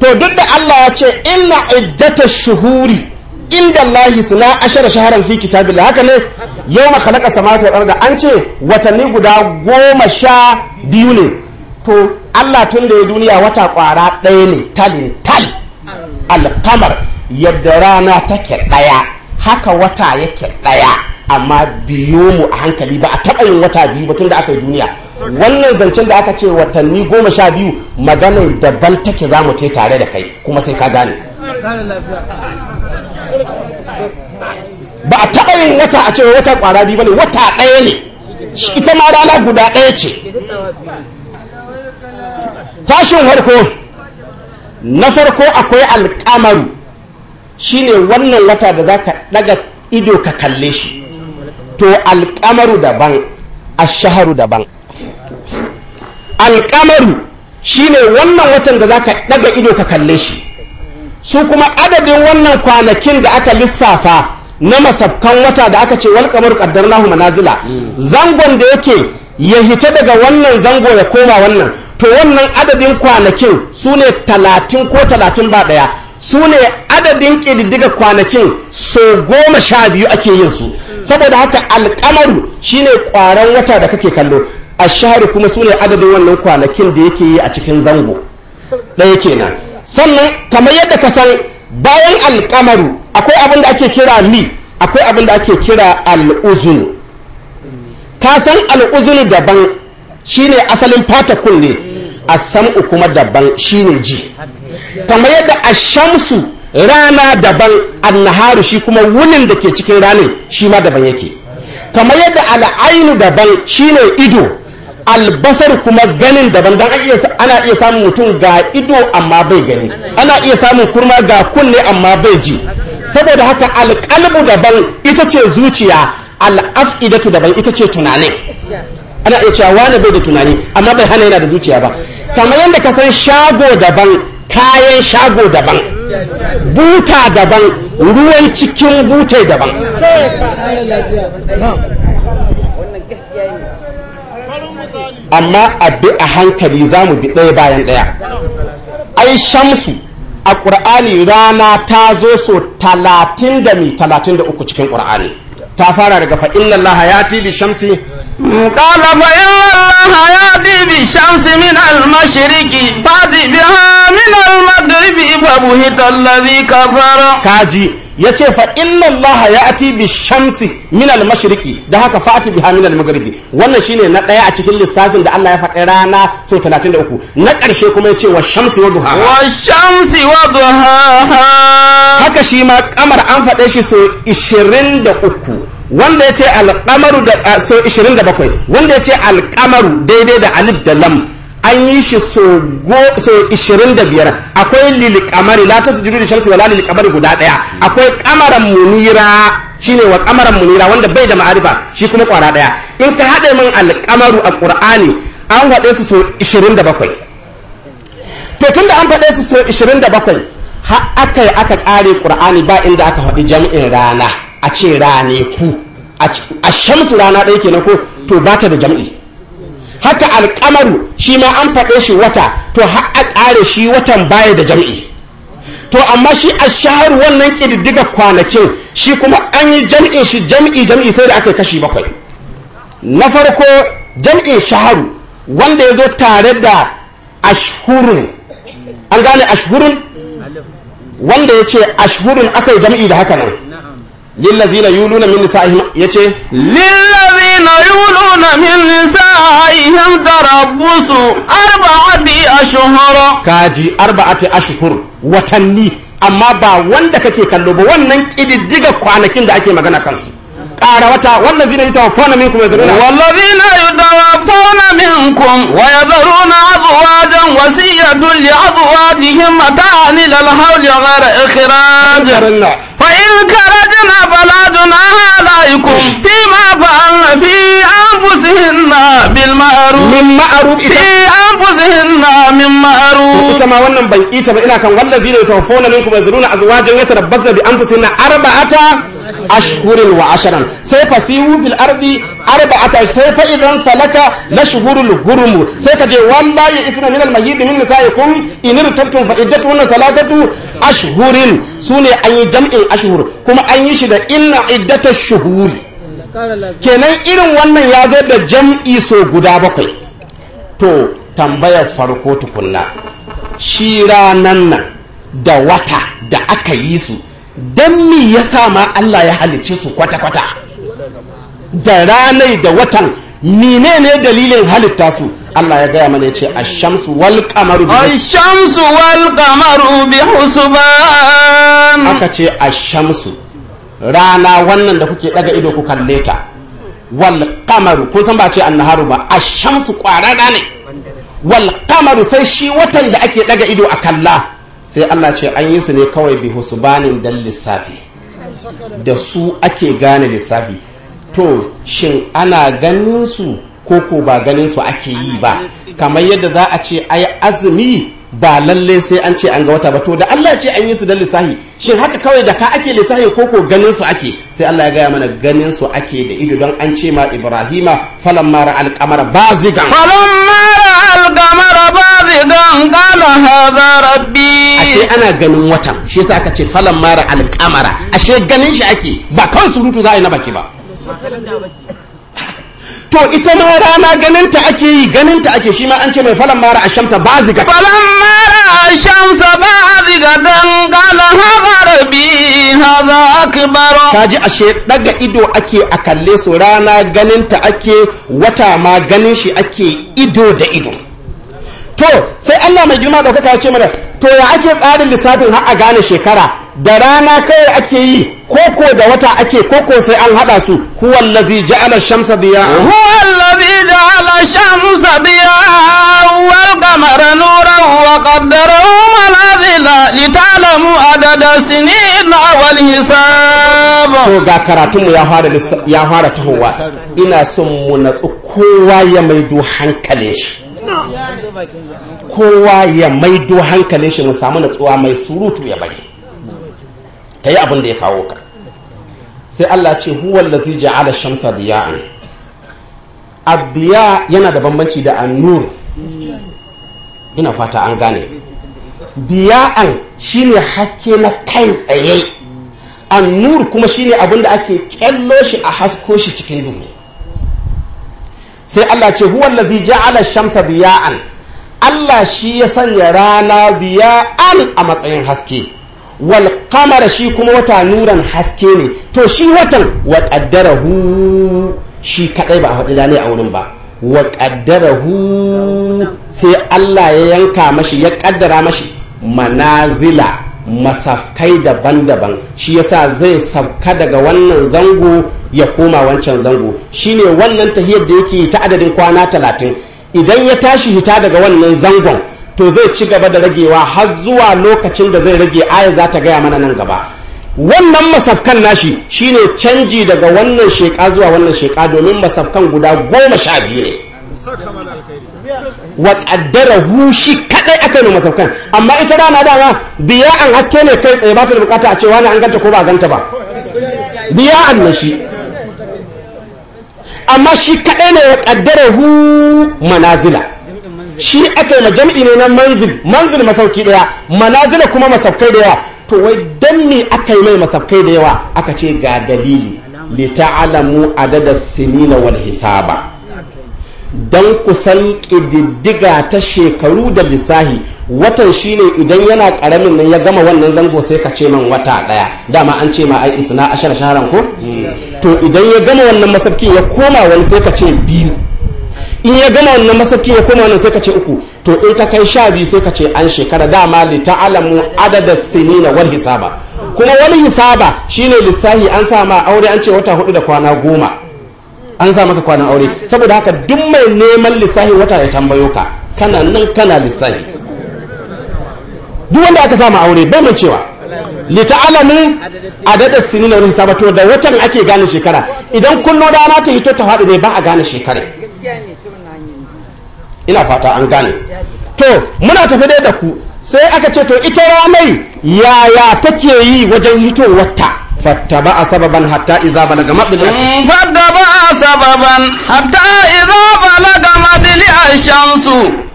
to duk da Allah ya ce ina iddata shuhuri inda Allah na ashara shaharan fi da haka ne yau ma khalaqa an ce watanni guda goma sha biyu ne to Allah tun da ya duniya wata kwara ɗaya ne talin tal alkamar yadda rana take ɗaya haka wata yake ɗaya amma biyo mu a hankali ba a taɓa yin wata biyu ba tun da aka yi duniya wannan zancen da aka ce watanni goma sha biyu magana daban take za mu tare da kai kuma sai ka gane ba a taɓa yin wata a cewa wata ƙwara biyu ba ne wata ɗaya ne ita ma rana guda ɗaya ce tashin farko na farko akwai alkamaru Shi ne wannan wata da za ka daga ido ka kalle shi to alkamaru daban a shaharu daban alkamaru ne wannan watan da za ka daga ido ka kalle shi su kuma adadin wannan kwanakin da aka lissafa na masafkan wata da aka ce wal kamar nahu manazila zangon da yake ya hita daga wannan zango ya koma wannan to wannan adadin kwanakin su ne talatin ko talatin ba ɗaya su ne adadin ƙididdiga kwanakin so goma sha biyu ake yin su saboda haka alkamaru shine ƙwaron wata da kake kallo a shahari kuma su ne adadin wannan kwanakin da yake yi a cikin zango ɗaya kenan sannan kamar yadda ka san bayan alkamaru akwai abin da ake kira li akwai abin da ake kira al'uzunu ka san al'uzunu daban shine asalin fata kunne a sam'u kuma daban shine ji kamar yadda ashamsu rana daban annaharu shi kuma wunin da ke cikin ranar shi ma daban yake kamar yadda al'ainu daban shine ido albasar kuma ganin daban don ana iya samun mutum ga ido amma bai gani ana iya samun kurma ga kunne amma bai ji saboda haka alkalbu daban ita ce zuciya al'af'idatu daban ita ce tunani ana iya cewa wani bai da tunani amma bai hana yana da zuciya ba kamar yadda ka san shago daban kayan shago daban buta daban ruwan cikin buta daban amma abi a hankali za mu bi ɗaya bayan ɗaya ai shamsu a ƙur'ani rana ta zo so talatin da mi talatin da uku cikin ƙur'ani ta fara daga fa'in lallaha ya tibi shamsi قال فإن الله يأتي بالشمس من المشرق فأت بها من المغرب فبهت الذي كفر كاجي yace fa inna allaha ya'ti bi shamsi min al mashriqi da haka fa'ati biha min al maghribi wannan shine na daya a cikin lissafin da Allah ya faɗi rana so 33 na ƙarshe kuma yace wa shamsi wa duha wa shamsi wa duha haka shi ma kamar an faɗe shi so 23 wanda ya ce alƙamaru da so 27 wanda ya ce alƙamaru daidai da alif da lam an yi shi so 25 akwai lilikamari la ta sujudu da shamsu wala lilikamari guda daya akwai kamaran munira shine wa kamaran munira wanda bai da ma'arifa shi kuma kwara daya in ka haɗe min alƙamaru a ƙur'ani an faɗe su so 27 to tun da an faɗe su so 27 ha aka yi aka ƙare ƙur'ani ba inda aka faɗi jam'in rana a ce raneku a shamsu rana ɗaya kenan ko to ba ta da jam'i haka alkamaru shi ma an faɗe shi wata to har a ƙare shi watan baya da jam'i to amma shi a shahar wannan ƙididdiga kwanakin shi kuma an yi jam'in shi jam'i jam'i sai da aka kashi bakwai na farko jam'in shaharu wanda ya zo tare da ashhurun an gane ashhurun wanda ya ce ashhurun aka yi jam'i da haka nan lillazina yuluna min ya ce lillazina yuluna min nisa'ihim tarabbusu arba'ati ashhur kaji arba'ati ashhur watanni amma ba wanda kake kallo ba wannan kididdiga kwanakin da ake magana kansu ƙara wata wannan zina yi tawafona minkum ya zaruna wallazi na yi tawafona minkum wa ya zaruna abuwajen abuwa jihin mata ni lalhaul ya gara ikhraj وإن خرجنا فلا جناح عليكم فيما فعلن في أنفسهن بالمعروف من معروف في أنفسهن من معروف ita ma wannan ban ita ba ina kan wallazi ne tawaffona minkum yazruna azwajan yatarabbasna bi anfusihinna arba'ata ashhurin wa asharan sai fasihu fil ardi arba'ata sai fa idan salaka la shuhurul hurum sai kaje wallahi isna min al mahid min nisaikum in irtabtum fa iddatuhunna salasatu ashhurin sune an yi jam'in ashhur kuma an yi shi da inna iddatash shuhur kenan irin wannan ya zo da jam'i so guda bakwai to tambayar farko tukunna shi ranan nan da wata da aka yi su don me yasa ma Allah ya halicce su kwata-kwata da ranai da watan nine ne dalilin halitta su Allah ya gaya mana ya ce ashamsu wal kamaru bi ashamsu wal kamaru bi husban aka ce ashamsu rana wannan da kuke daga ido ku kalle ta wal kamaru kun san ba ce annaharu ba ashamsu da ne wal kamaru sai shi watan da ake daga ido a kalla sai Allah ce an yi su ne kawai bi husbanin dan lissafi da su ake gane lissafi to shin ana ganin su ko ko ba ganin su ake yi ba kamar yadda za a ce ai azumi ba lalle sai an ce an ga wata ba to da Allah ce an yi su da lissahi shin haka kawai da ka ake lissahi ko ko ganin su ake sai Allah ya gaya mana ganin su ake da ido don an ce ma Ibrahima falamma ra alqamara bazigan falamma ra alqamara bazigan qala hadha rabbi ashe ana ganin watan shi yasa aka ce falamma ra alkamara ashe ganin shi ake ba kawai surutu za a yi na baki ba to ita ma rana ganinta ake yi ganinta ake shi ma an ce mai falon mara a shamsa ba ziga falon mara a shamsa ba ziga don za a bi haza akbar kaji ashe daga ido ake a kalle su rana ganinta ake wata ma ganin shi ake ido da ido to sai Allah mai girma daukaka ya ce mana to ya ake tsarin lissafin har a gane shekara da rana kawai ake yi koko da wata ake koko sai an hada su huwal allazi ja'ala shamsa diya huwal ja'ala shamsa diya wal qamara nuran wa qaddarahu manazila litalamu adada sinina wal hisab to ga karatun mu ya fara ya fara tahowa ina son mu natsu kowa ya maido hankalin shi kowa ya maido hankalin shi mu samu natsuwa mai surutu ya bari ka yi abin da ya kawo ka sai Allah ce da zija ja'ala shamsa diya'an addiya yana da bambanci da annur ina fata an gane diya'an ne haske na kai tsaye annur kuma shine abin da ake kyallo shi a hasko shi cikin duhu sai Allah ce huwa allazi ja'ala shamsa diya'an Allah shi ya sanya rana diya'an a matsayin haske wal qamara shi kuma wata nuran haske ne to shi watan wa qaddarahu shi kadai ba a haɗu da ne a wurin ba wa qaddarahu sai Allah ya yanka mashi ya kaddara mashi manazila masafkai daban-daban shi yasa zai sauka daga wannan zango ya koma wancan zango shine wannan tahiyar da yake ta adadin kwana talatin idan ya tashi hita daga wannan zangon to zai ci gaba da ragewa har zuwa lokacin da zai rage aya za ta gaya mana nan gaba wannan masafkan nashi shine canji daga wannan sheka zuwa wannan sheka domin masafkan guda goma sha biyu ne wa hu shi kadai aka yi masaukan amma ita rana dama an haske ne kai tsaye ba ta da bukata a ce wani an ganta ko ba ganta ba Biya an na shi amma shi kadai ne wa hu manazila shi aka yi jam'i ne na manzil manzil masauki daya manazila kuma masaukai da yawa to wai dan ne aka yi mai masaukai da yawa aka ce ga dalili li ta'lamu adada sinina wal hisaba don kusan ƙididdiga ta shekaru da lissahi watan shi ne idan yana ƙaramin nan ya gama wannan zango sai ka ce man wata ɗaya dama an ce ma ai isna ashara shaharan ko to idan ya gama wannan masafkin ya koma wani sai ka ce biyu in ya gama wannan masafkin ya koma wannan sai ka ce uku to in ka kai sha biyu sai ka ce an shekara dama li ta'alamu adada sinina wal hisaba kuma wani hisaba shine lissahi an sa ma aure an ce wata hudu da kwana goma an za maka kwanan aure saboda haka duk mai neman lissahi wata ya tambayo ka kana nan kana lissahi duk wanda aka sama aure bai mun cewa li ta'alamu adada sinina wani sabato da watan ake gane shekara idan da ana ta hito ta faɗi ne ba a gane shekara ina fata an gane to muna tafi dai da ku sai aka ce to ita ramai yaya take yi wajen hito ta fattaba sababan حتى إذا بلغ madli fattaba sababan حتى إذا بلغ madli الشمس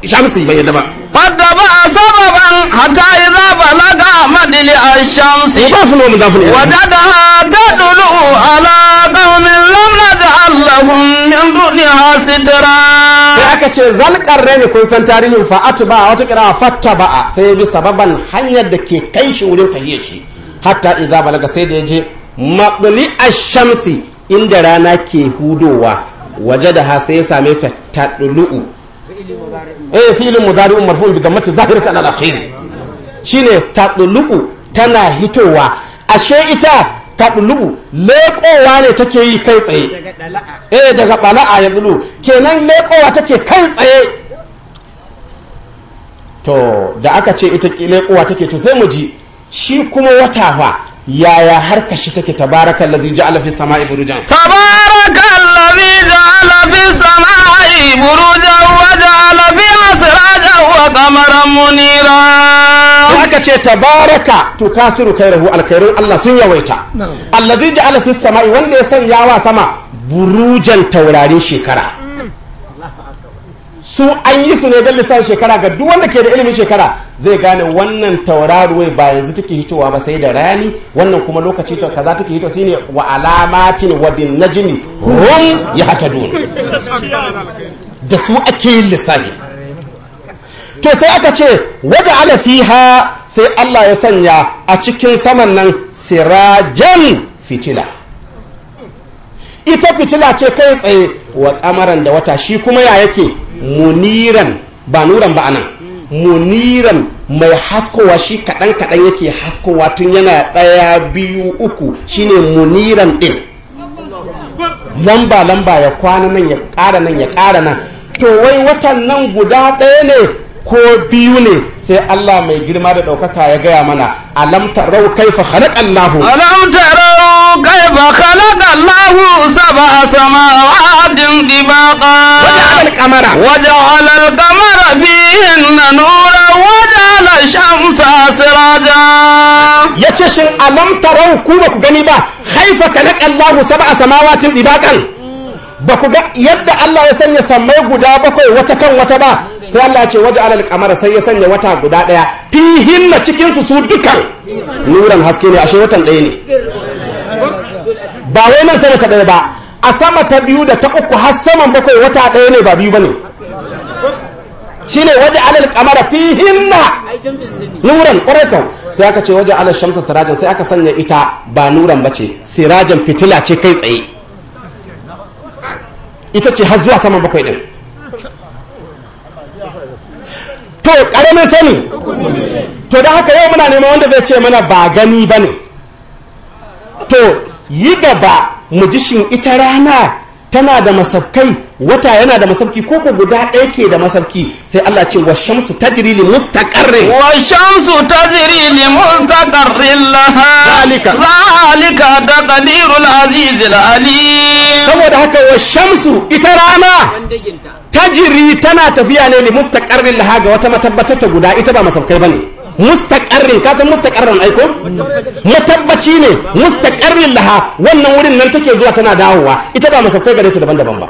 shamsu يبين دبا yadda سببا حتى إذا بلغ idza الشمس madli ash-shamsi mudafun wa mudafun wajada tadlu aka ce zalkar ne kun san tarihin fa'atu ba wata kira a sai bi sababan hanyar da ke kai shi wurin tahiyar shi hatta iza balaga sai da ya je maqli a shamsi inda rana ke hudowa waje da hasa ya same ta tadlu'u eh filin mudari'un marfu'un bi dhammati zahiratan al-akhir shine tadlu'u tana hitowa ashe ita tadlu'u leƙowa ne take yi kai tsaye eh daga qala'a ya zulu kenan leƙowa take kai tsaye to da aka ce ita leƙowa take to sai mu ji shi kuma wata fa yaya harka shi take tabaraka lazi ja'ala fi sama'i burujan tabaraka lazi ja'ala fi sama'i burujan wa ja'ala fi wa qamaran munira aka ce tabaraka to kasiru kairahu alkhairun Allah sun yawaita allazi ja'ala fi sama'i wanda ya sanya wa sama burujan taurarin shekara su an yi su ne don lissafin shekara ga duk wanda ke da ilimin shekara zai gane wannan tauraruwai ba yanzu take hitowa ba sai da rani wannan kuma lokaci ta kaza take hitowa shine wa alamatin wa bin najmi hum dole da su ake yin lissafi to sai aka ce wada ala fiha sai Allah ya sanya a cikin saman nan sirajan fitila ita fitila ce kai tsaye wa kamaran da wata shi kuma ya yake muniran ba nuran ba anan muniran mai haskowa shi kaɗan kaɗan yake haskowa tun yana ɗaya biyu uku shine muniran ɗin lamba lamba ya kwana nan ya ƙara nan ya ƙara nan to wai watan nan guda ɗaya ne ko biyu ne sai Allah mai girma da ɗaukaka ya gaya mana alamta rau kaifa khalaqa Allahu فخلق الله سبع سماوات طباقا وجعل القمر وجعل القمر فيهن نورا وجعل الشمس سراجا yace shin alam tarau ku ba ku gani ba haifa kalaka Allahu sab'a samawatin dibaqan ba Baku ga yadda Allah ya sanya sammai guda bakwai wata kan wata ba sai Allah ce waje sai ya sanya wata guda ɗaya fihin na cikin su su dukan nuran haske ne ashe watan ɗaya ne ba wai nan sama ta ɗaya ba a sama ta biyu da ta uku har saman bakwai wata ɗaya ne ba biyu ba ne shi ne waje alal kamara fi hinna nuran ƙwararkan sai aka ce waje alal shamsa sirajan sai aka sanya ita ba nuran bace. sirajan fitila ce kai tsaye ita ce har zuwa saman bakwai ɗin to ƙaramin sani to da haka yau muna neman wanda zai ce mana ba gani ba ne to yi gaba mu ji shin ita rana tana da masaukai, wata yana da masauki, ko ko guda ɗaya ke da masauki, sai Allah ce wa shamsu tajri li mustaƙarri wa shamsu tajri li mustaƙarri laha zalika zalika taqdirul azizil alim saboda haka wa shamsu ita rana ta jiri tana tafiya ne li mustaqarrin laha ga wata matabbatar ta guda ita ba ba ne. mustaqarrin ka san mustaqarrin aiko matabbaci ne mustaqarrin laha wannan wurin nan take zuwa tana dawowa ita ba masaukai gare ta daban-daban ba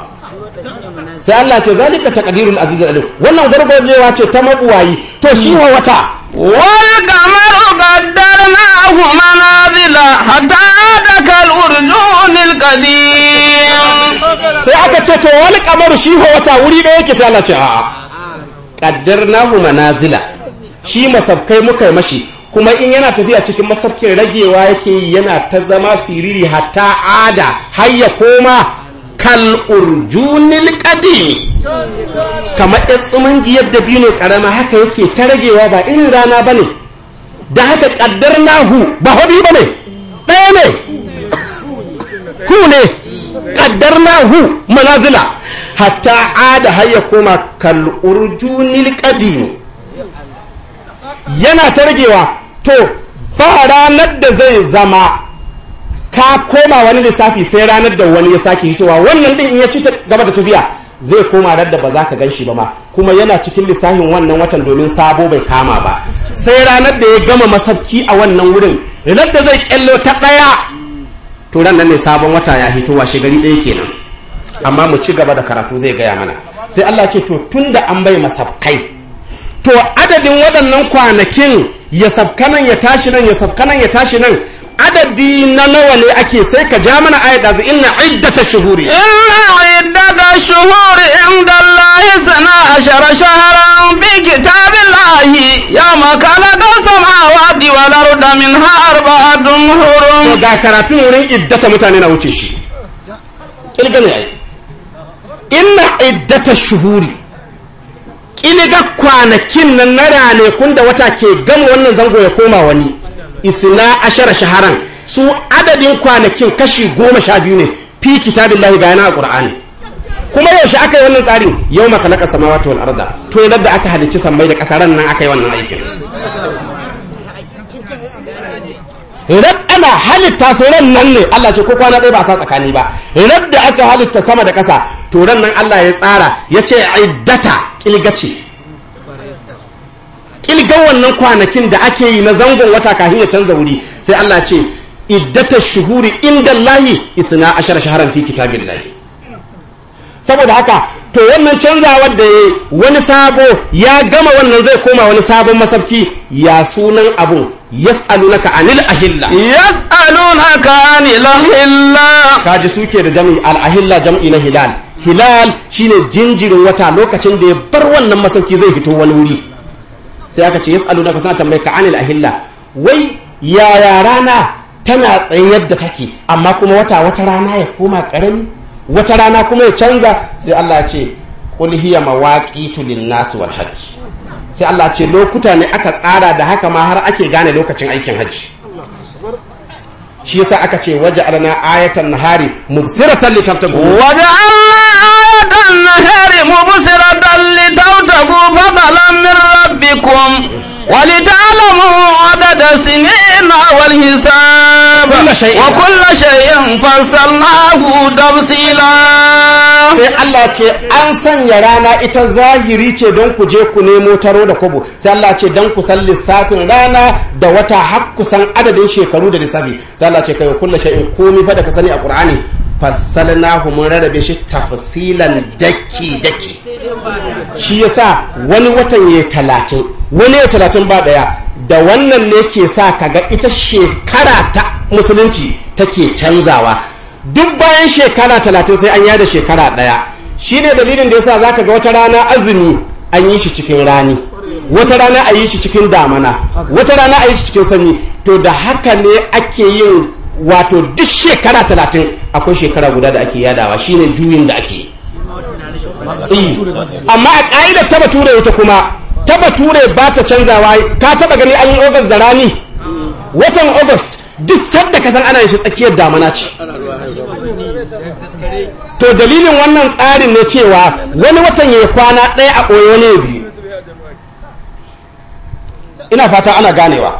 sai Allah ce zalika taqdirul aziz alim wannan gargajewa ce ta mabuwayi to shi wa wata wal qamaru qaddarnahu manazila hatta qadim sai aka ce to wal qamaru shi wa wata wuri da yake sai Allah ce a qaddarnahu manazila shi masabkai muka yi mashi kuma in yana tafiya cikin masabkin ragewa yake yi yana ta zama siriri hatta ada har ya koma kal urjunil kamar ɗan tsumin giyar da biyu ne ƙarama haka yake ta ragewa ba irin rana ba ne. da haka na nahu ba hobi ne, ɗaya ne ku ne qaddarnahu manazila hatta ada haya koma kal urjunil ne yana ta ragewa to ba ranar da zai zama ka koma wani lissafi sai ranar da wani ya sake hitowa wannan din in ya ci gaba da tafiya zai koma ranar da ba za ka gan shi ba ma kuma yana cikin lissafin wannan watan domin sabo bai kama ba sai ranar da ya gama masabki a wannan wurin ranar da zai kyallo ta ɗaya to ran nan ne sabon wata ya hito washe gari ɗaya kenan amma mu ci gaba da karatu zai gaya mana sai Allah ce to da an bai masabkai to adadin waɗannan kwanakin ya nan ya tashi nan ya nan ya tashi nan adadi na nawa ne ake sai ka ja mana ayat da idda ta shuhuri idda iddata shuhuri inda lahi sana ashara ta bi lahi. ya kitabillahi yawma khalaqa samawati wal arda minha arba'atun hurum to ga karatun wurin iddata mutane na wuce shi yi ina idda ta shuhuri ƙiligar kwanakin nan na ranakun da wata ke gama wannan zango ya koma wani isina ashara shaharan su adadin kwanakin kashi goma sha biyu ne fi kitabin lahi bayan a ƙura'ani kuma yaushe aka yi wannan tsarin yau maka na ƙasa ta wani arda to yadda aka halicci sammai da ƙasaran nan aka yi wannan aikin rad ana halitta su ran nan ne Allah ce ko kwana ɗaya ba sa tsakani ba rad da aka halitta sama da ƙasa to ran nan Allah ya tsara ya ce iddata kilgace kilgan wannan kwanakin da ake yi na zangon wata kafin ya canza wuri sai Allah ce iddata shuhuri inda lahi isna ashar shaharan fi kitabillahi saboda haka to wannan canzawar da ya wani sabo ya gama wannan zai koma wani sabon masabki ya sunan abu yas'alunaka anil ahilla yas'alunaka anil ahilla kaji suke da jam'i al ahilla jami na hilal hilal shine jinjirin wata lokacin da ya bar wannan masafki zai fito wani wuri sai aka ce yas'alunaka sana tambaye ka anil ahilla wai yaya rana tana tsayar da take amma kuma wata wata rana ya koma karami wata rana kuma ya canza sai Allah ce qul hiya mawaqitu lin-nas wal sai Allah ce lokuta ne aka tsara da haka ma har ake gane lokacin aikin hajji shi yasa aka ce waja'alna ayatan nahari mubsiratan litabtagu waja'alna ayatan nahari mubsiratan litabtagu fadalan min rabbikum walita'lamu adada sinina wal hisab shay'in wa kullu shay'in fassalnahu tafsila sai Allah ce an sanya rana ita zahiri ce don ku je ku nemo taro da kobo sai Allah ce don ku san lissafin rana da wata har ku san adadin shekaru da lissafi sai Allah ce kai wa kullu shay'in komai fa da ka sani a Qur'ani fassalnahu mun rarrabe shi tafsilan daki daki shi yasa wani watan ya talatin wani ya talatin ba daya da wannan ne ke sa kaga ita shekara ta musulunci take canzawa duk bayan shekara talatin sai an yada shekara ɗaya shine dalilin da yasa za ka ga wata rana azumi an yi shi cikin rani wata rana a yi shi cikin damana wata rana a yi shi cikin sanyi to da haka ne ake yin wato duk shekara talatin akwai shekara guda da ake yadawa shine juyin da ake eh, amma a ka'idar ta bature ita kuma ta bature ba ta canzawa ka taba gani an yi august da rani watan august duk sadda ka san ana yin shi tsakiyar damana ce to dalilin wannan tsarin ne cewa wani watan ya kwana ɗaya a ɓoye wani biyu ina fata ana ganewa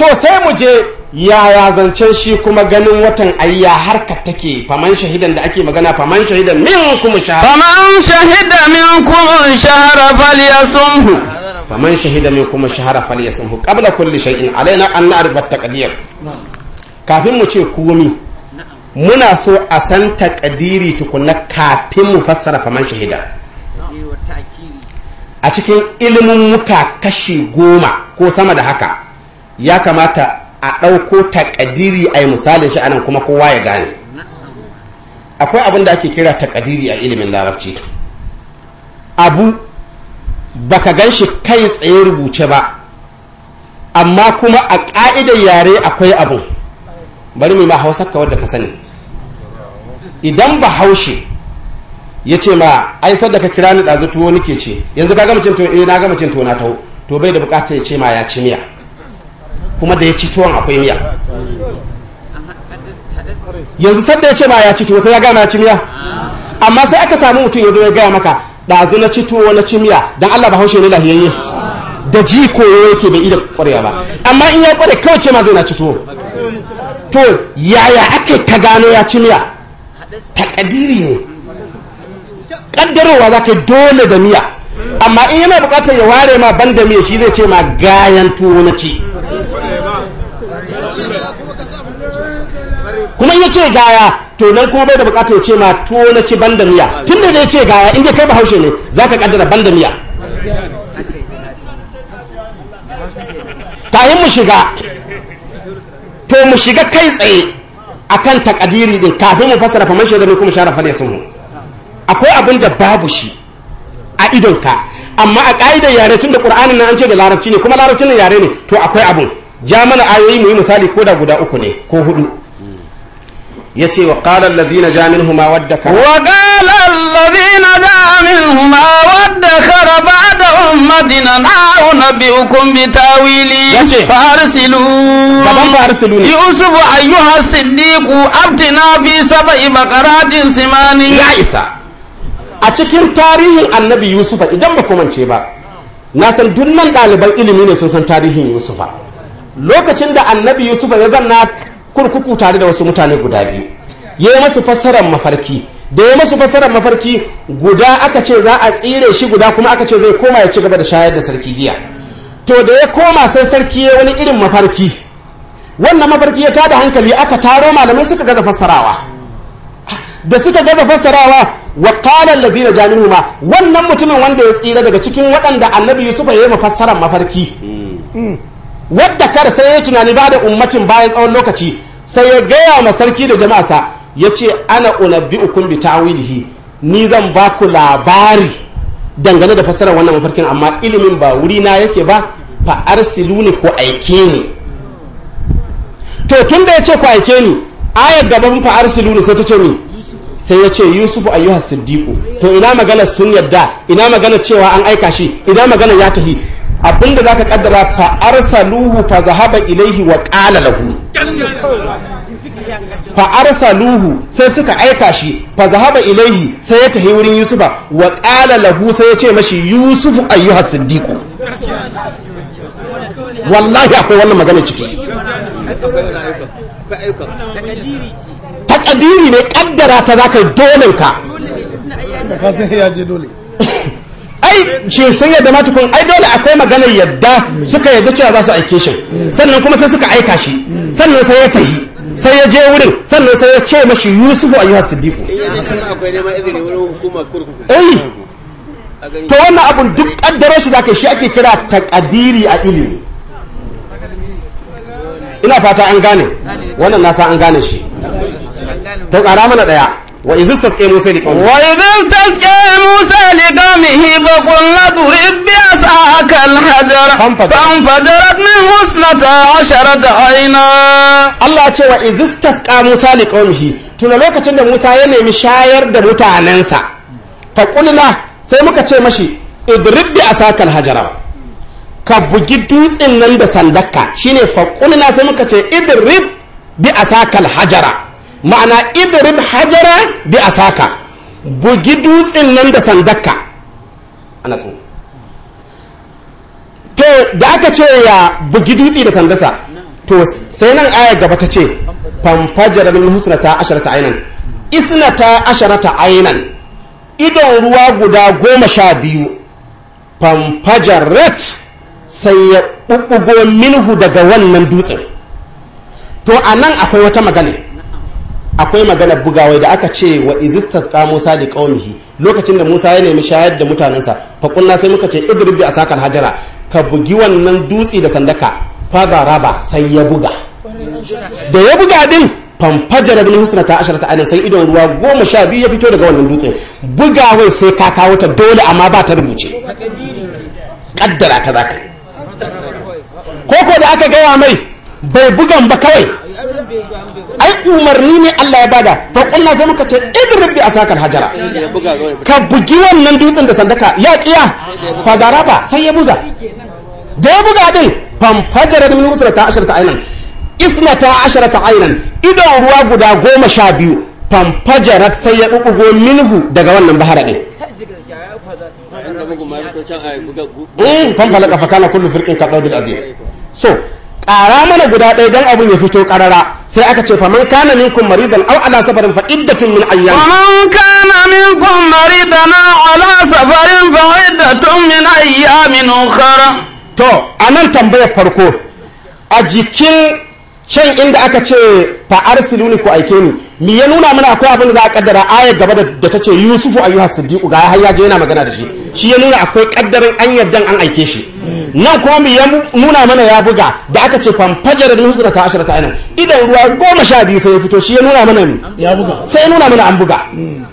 to sai mu je yaya zancen shi kuma ganin watan ayya harkar take faman shahidan da ake magana faman shahidan min kuma shahara faman shahidan min kuma shahara sun hu faman shahida minkum shahara falyasumhu qabla kulli shay'in alaina an na'rifa at kafin mu ce komi muna so a san takadiri tukuna kafin mu fassara faman shahida a cikin ilimin muka kashi goma ko sama da haka ya kamata a ɗauko takadiri a yi misalin shi anan kuma kowa ya gane akwai abin da ake kira takadiri a ilimin larabci abu Ba ka gan shi kai tsaye rubuce ba amma kuma a ƙa'idar yare akwai abu bari mai ma hausa ka wadda ka sani idan ba haushe ya ce ma ai sadda ka kira ni ɗazu tuwo nike ce yanzu ka gama cin tuwo eh na gama cin tuwo na taho to bai da bukatar ya ce ma ya ci miya kuma da ya ci tuwon akwai miya yanzu sadda ya ce ma ya ci tuwo sai ya gama ya ci miya amma sai aka samu mutum ya zo ya gaya maka ɗazu na ci tuwo na cimiya don Allah ba haushe ne lahiyayye da ji koyo yake bai ida kwarewa ba amma in ya kware kawai ce ma zai na ci tuwo to yaya ake ta gano ya cimiya kadiri ne ƙaddarowa za ka dole da miya amma in yana bukatar ya ware ma ban da miya shi zai ce ma gayan tuwo na ci kuma ya ce gaya to nan kuma bai da bukatar ya ce ma to na ban banda miya tun da ya ce gaya inda kai bahaushe ne za ka kaddara banda miya yi mu shiga to mu shiga kai tsaye a kan takadiri din kafin mu fassara faman shaidar mai kuma sharafa ne sun akwai abin da babu shi a idonka amma a ka'idar yare tun da ƙur'anin nan an ce da larabci ne kuma larabcin yare ne to akwai abin ja mana ayoyi mu yi misali ko da guda uku ne ko hudu ya ce wa ƙalar lazina ja min huma wadda ka wa ƙalar lazina ja min huma wadda ka raba da ummatina na auna biyu kun bi tawili ya ce farisilu gaban farisilu ne yusuf ayyuha siddiqu abtina fi saba'i bakaratin simani ya isa a cikin tarihin annabi yusufa idan ba kumance ba na san dunnan ɗaliban ilimi ne sun san tarihin yusufa lokacin da annabi yusufa ya zanna kurkuku tare da wasu mutane guda biyu ya yi masu fassarar mafarki da ya masu fassarar mafarki guda aka ce za a tsire shi guda kuma aka ce zai koma ya ci gaba da shayar da sarki giya to da ya koma sai sarki ya wani irin mafarki wannan mafarki ya da hankali aka taro malamai suka gaza fassarawa da suka gaza fassarawa wa qala allazina ma wannan mutumin wanda ya tsira daga cikin waɗanda annabi Yusufa ya yi mafassarar mafarki hmm. Hmm. wadda kar sai ya tunani ba da ummatin bayan tsawon lokaci sai ya gaya ma sarki da jama'asa ya ce ana unabbi ukun bi tawilihi ni zan ba ku labari dangane da fassarar wannan mafarkin amma ilimin ba wuri na yake ba fa ni ku aike ni to tun da ya ce ku aike ni ayar gaban fa ne sai ta ce ni sai ya ce yusufu ayyuhas siddiqu to ina magana sun yadda ina magana cewa an aika shi ina magana ya tafi abinda zaka kaddara fa arsaluhu fa zahaba ilaihi wa qala lahu fa arsaluhu sai suka aika shi fa zahaba ilaihi sai ya tafi wurin yusufa wa qala lahu sai ya ce mashi yusuf ayyuha siddiqu wallahi akwai wannan magana ciki takadiri ne kaddara ta zaka dolenka da ka ya je dole ai ce sun yadda matukun ai dole akwai maganar yadda suka yadda cewa za su aike shi sannan kuma sai suka aika shi sannan sai ya tahi sai ya je wurin sannan sai ya ce mashi yusufu a yi siddiqu eh, eh. to wannan abun duk kaddaro shi zaka shi ake kira ƙadiri a ilimi ina fata an gane wannan nasa an gane shi ta ƙara mana ɗaya wa izin tasqa musa liqawmi wa idh musa فانفجرت منه اثنتا عشرة عينا الله ya ce wa izistasqa Musa li qaumihi tuna lokacin da Musa ya nemi shayar da mutanensa fa qulna sai muka ce mashi idrib bi asakal hajara ka bugi dutsen nan da sandakka shine fa qulna sai muka ce idrib bi asakal hajara ma'ana idrib hajara bi asaka bugi dutsen nan da sandakka ana tsoro to da aka ce ya bugi dutse da sandasa to sai nan ayar gaba ta ce famfajar min husnata asharata ta isnata asharata ainan idon ruwa guda goma sha biyu famfajarat sai ya ɓuɓɓugo minhu daga wannan dutsen to a nan akwai wata magana akwai magana bugawai da aka ce wa izistas ka musa li qaumihi lokacin da musa ya nemi shayar da mutanensa fa sai muka ce idrib a sakar hajara ka bugi wannan dutse da sandaka faga raba sai ya buga da ya buga din famfajar bin husna ta asharta a sai idon ruwa goma sha biyu ya fito daga wannan dutse bugawai sai ka kawo ta dole amma ba ta rubuce kaddara ta zaka ko ko da aka gaya mai bai bugan ba kawai ai umarni ne Allah ya bada fa kunna sai muka ce idrib bi asakal hajara ka bugi wannan dutsen da sandaka ya kiya fa sai ya buga da ya buga din fanfajar da min da ta asharata ainihin isna ta asharata ainihin idon ruwa guda goma sha biyu fanfajarat sai ya ɓuɓɓugo minhu daga wannan bahara din fanfalaka eh, fakana kullu firqin kadawdil azim so ƙara mana guda ɗaya don abin ya fito ƙarara sai aka ce faman kana minkum maridan au ala safarin fa iddatun min ayyam faman kana minkum maridan au ala safarin fa iddatun min ayyamin ukhra to a nan tambayar farko a jikin can inda aka ce fa'ar siluni ku aike ni mi ya nuna mana akwai abin da za a kaddara ayar gaba da ta ce yusufu ayyuha siddiqu ga har ya je yana magana da shi shi ya nuna akwai kaddarin an yardan an aike shi nan kuma mi ya nuna mana ya buga da aka ce fanfajar da da ta ashirata ainihin idan ruwa goma sha biyu sai ya fito shi ya nuna mana ne ya buga sai nuna mana an buga hmm.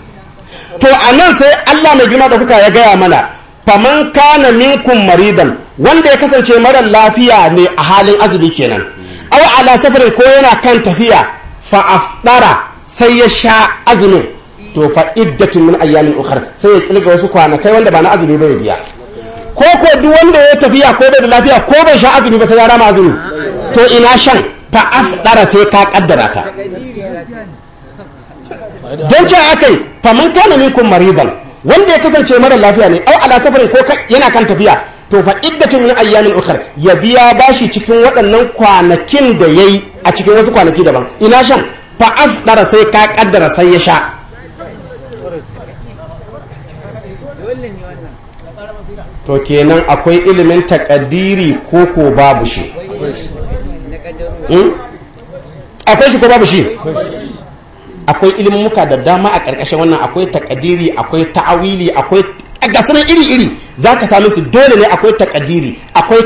to a nan sai allah mai girma da kuka ya gaya mana faman kana minkum maridan wanda ya kasance mara lafiya ne a halin azumi kenan aw ala safarin ko yana kan tafiya fa aftara sai ya sha azumin to fa iddatun min ayyamin ukhra sai ya kilga wasu kwanakai wanda ba na azumi ba ya biya ko ko duk wanda ya tafiya ko bai da lafiya ko bai sha azumi ba sai ya rama azumi to ina shan fa aftara sai ka kaddara ta don ce akai faman kana minkum maridan wanda ya kasance mara lafiya ne au ala safarin ko yana kan tafiya to fa iddatun min ayyamin ukhra ya biya bashi cikin waɗannan kwanakin da yayi a cikin wasu kwanaki daban ina shan fa afdara sai ka kaddara sai ya sha to kenan akwai ilimin takaddiri ko ko babu shi hmm? akwai shi ko babu shi akwai ilmumuka da dama a ƙarƙashin wannan akwai takadiri akwai ta'awili akwai ga iri-iri za ka same su dole ne akwai takadiri akwai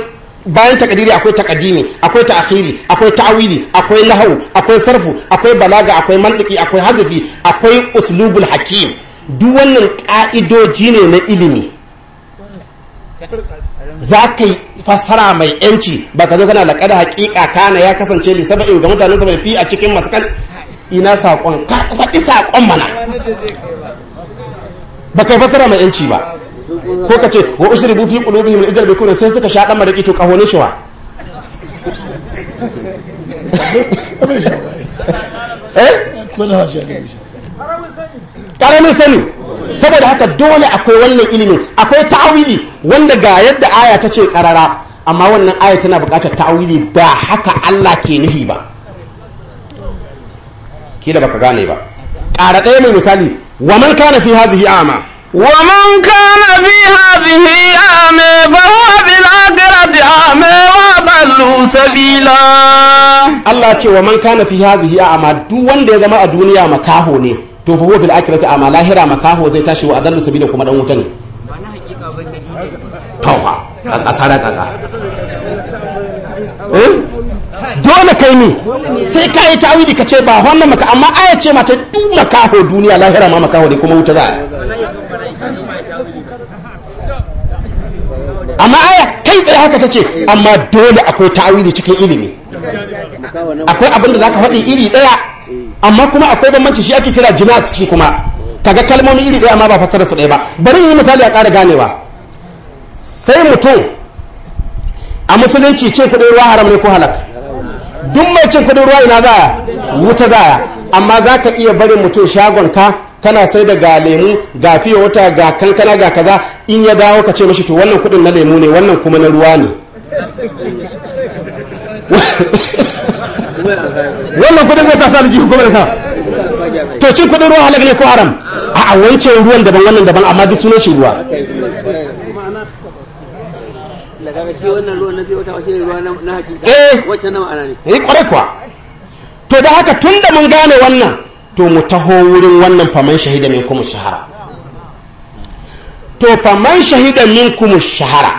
bayan takadiri akwai takadimi akwai ta'akhiri akwai ta'awili akwai lahau akwai sarfu akwai balaga akwai mantiki akwai hazafi akwai uslubul hakim duk wannan ka'idoji ne na ilimi za ka yi fassara mai yanci ba ka zo kana da kada hakika kana ya kasance li saba'in ga mutane saba'in fi a cikin maskan ina saƙon faɗi saƙon mana ba kai fasara mai yanci ba ko ka ce wa ushiri bufi ƙulubi mai ijar bai kuna sai suka sha ɗan mariki to ƙahonin shi wa eh? ƙaramin sani saboda haka dole akwai wannan ilimin akwai ta'awili wanda ga yadda aya ta ce ƙarara amma wannan aya tana buƙatar ta'awili ba haka Allah ke nufi ba kila baka gane ba ƙara ɗaya mai misali wa man kana fi hazihi ama wa man kana fi hazihi ama fa huwa bil akhirati ame wa dallu sabila Allah ce wa man kana fi hazihi ama duk wanda ya zama a duniya makaho ne to fa huwa bil akhirati ama lahira makaho zai tashi wa dallu sabila kuma dan wuta ne ba na a eh dole kai ne sai ka yi tawili ka ce ba wannan maka amma aya ce mata duk makaho duniya lahira ma makaho ne kuma wuta za a amma aya kai tsaye haka ta ce amma dole akwai tawili cikin ilimi akwai abin da za ka faɗi iri ɗaya amma kuma akwai bambanci shi ake kira jinas shi kuma kaga kalmomi iri ɗaya amma ba fassara su ɗaya ba bari yi misali a ƙara ganewa sai mutum a musulunci ce kuɗi ruwa haram ne ko halak duk mai cin kudin ruwa ina zaya wuta zaya amma za ka iya barin mutum shagon ka kana sai da ga lemu ga fiye wuta ga kankana ga kaza in ya dawo ka ce mashi to wannan kudin na lemu ne wannan kuma na ruwa ne wannan kudin zai sa sa jiki kuma sa to cin kudin ruwa halaga ne ko haram a'a wancan ruwan daban wannan daban amma duk sunan shi ruwa daga shi wannan ruwan na shi ruwa na hakika eh. wacce na ma'ana ne eh kwarai kuwa to da haka tun da mun gane wannan to mu taho wurin wannan faman shahida min kuma shahara to faman shahida min kuma shahara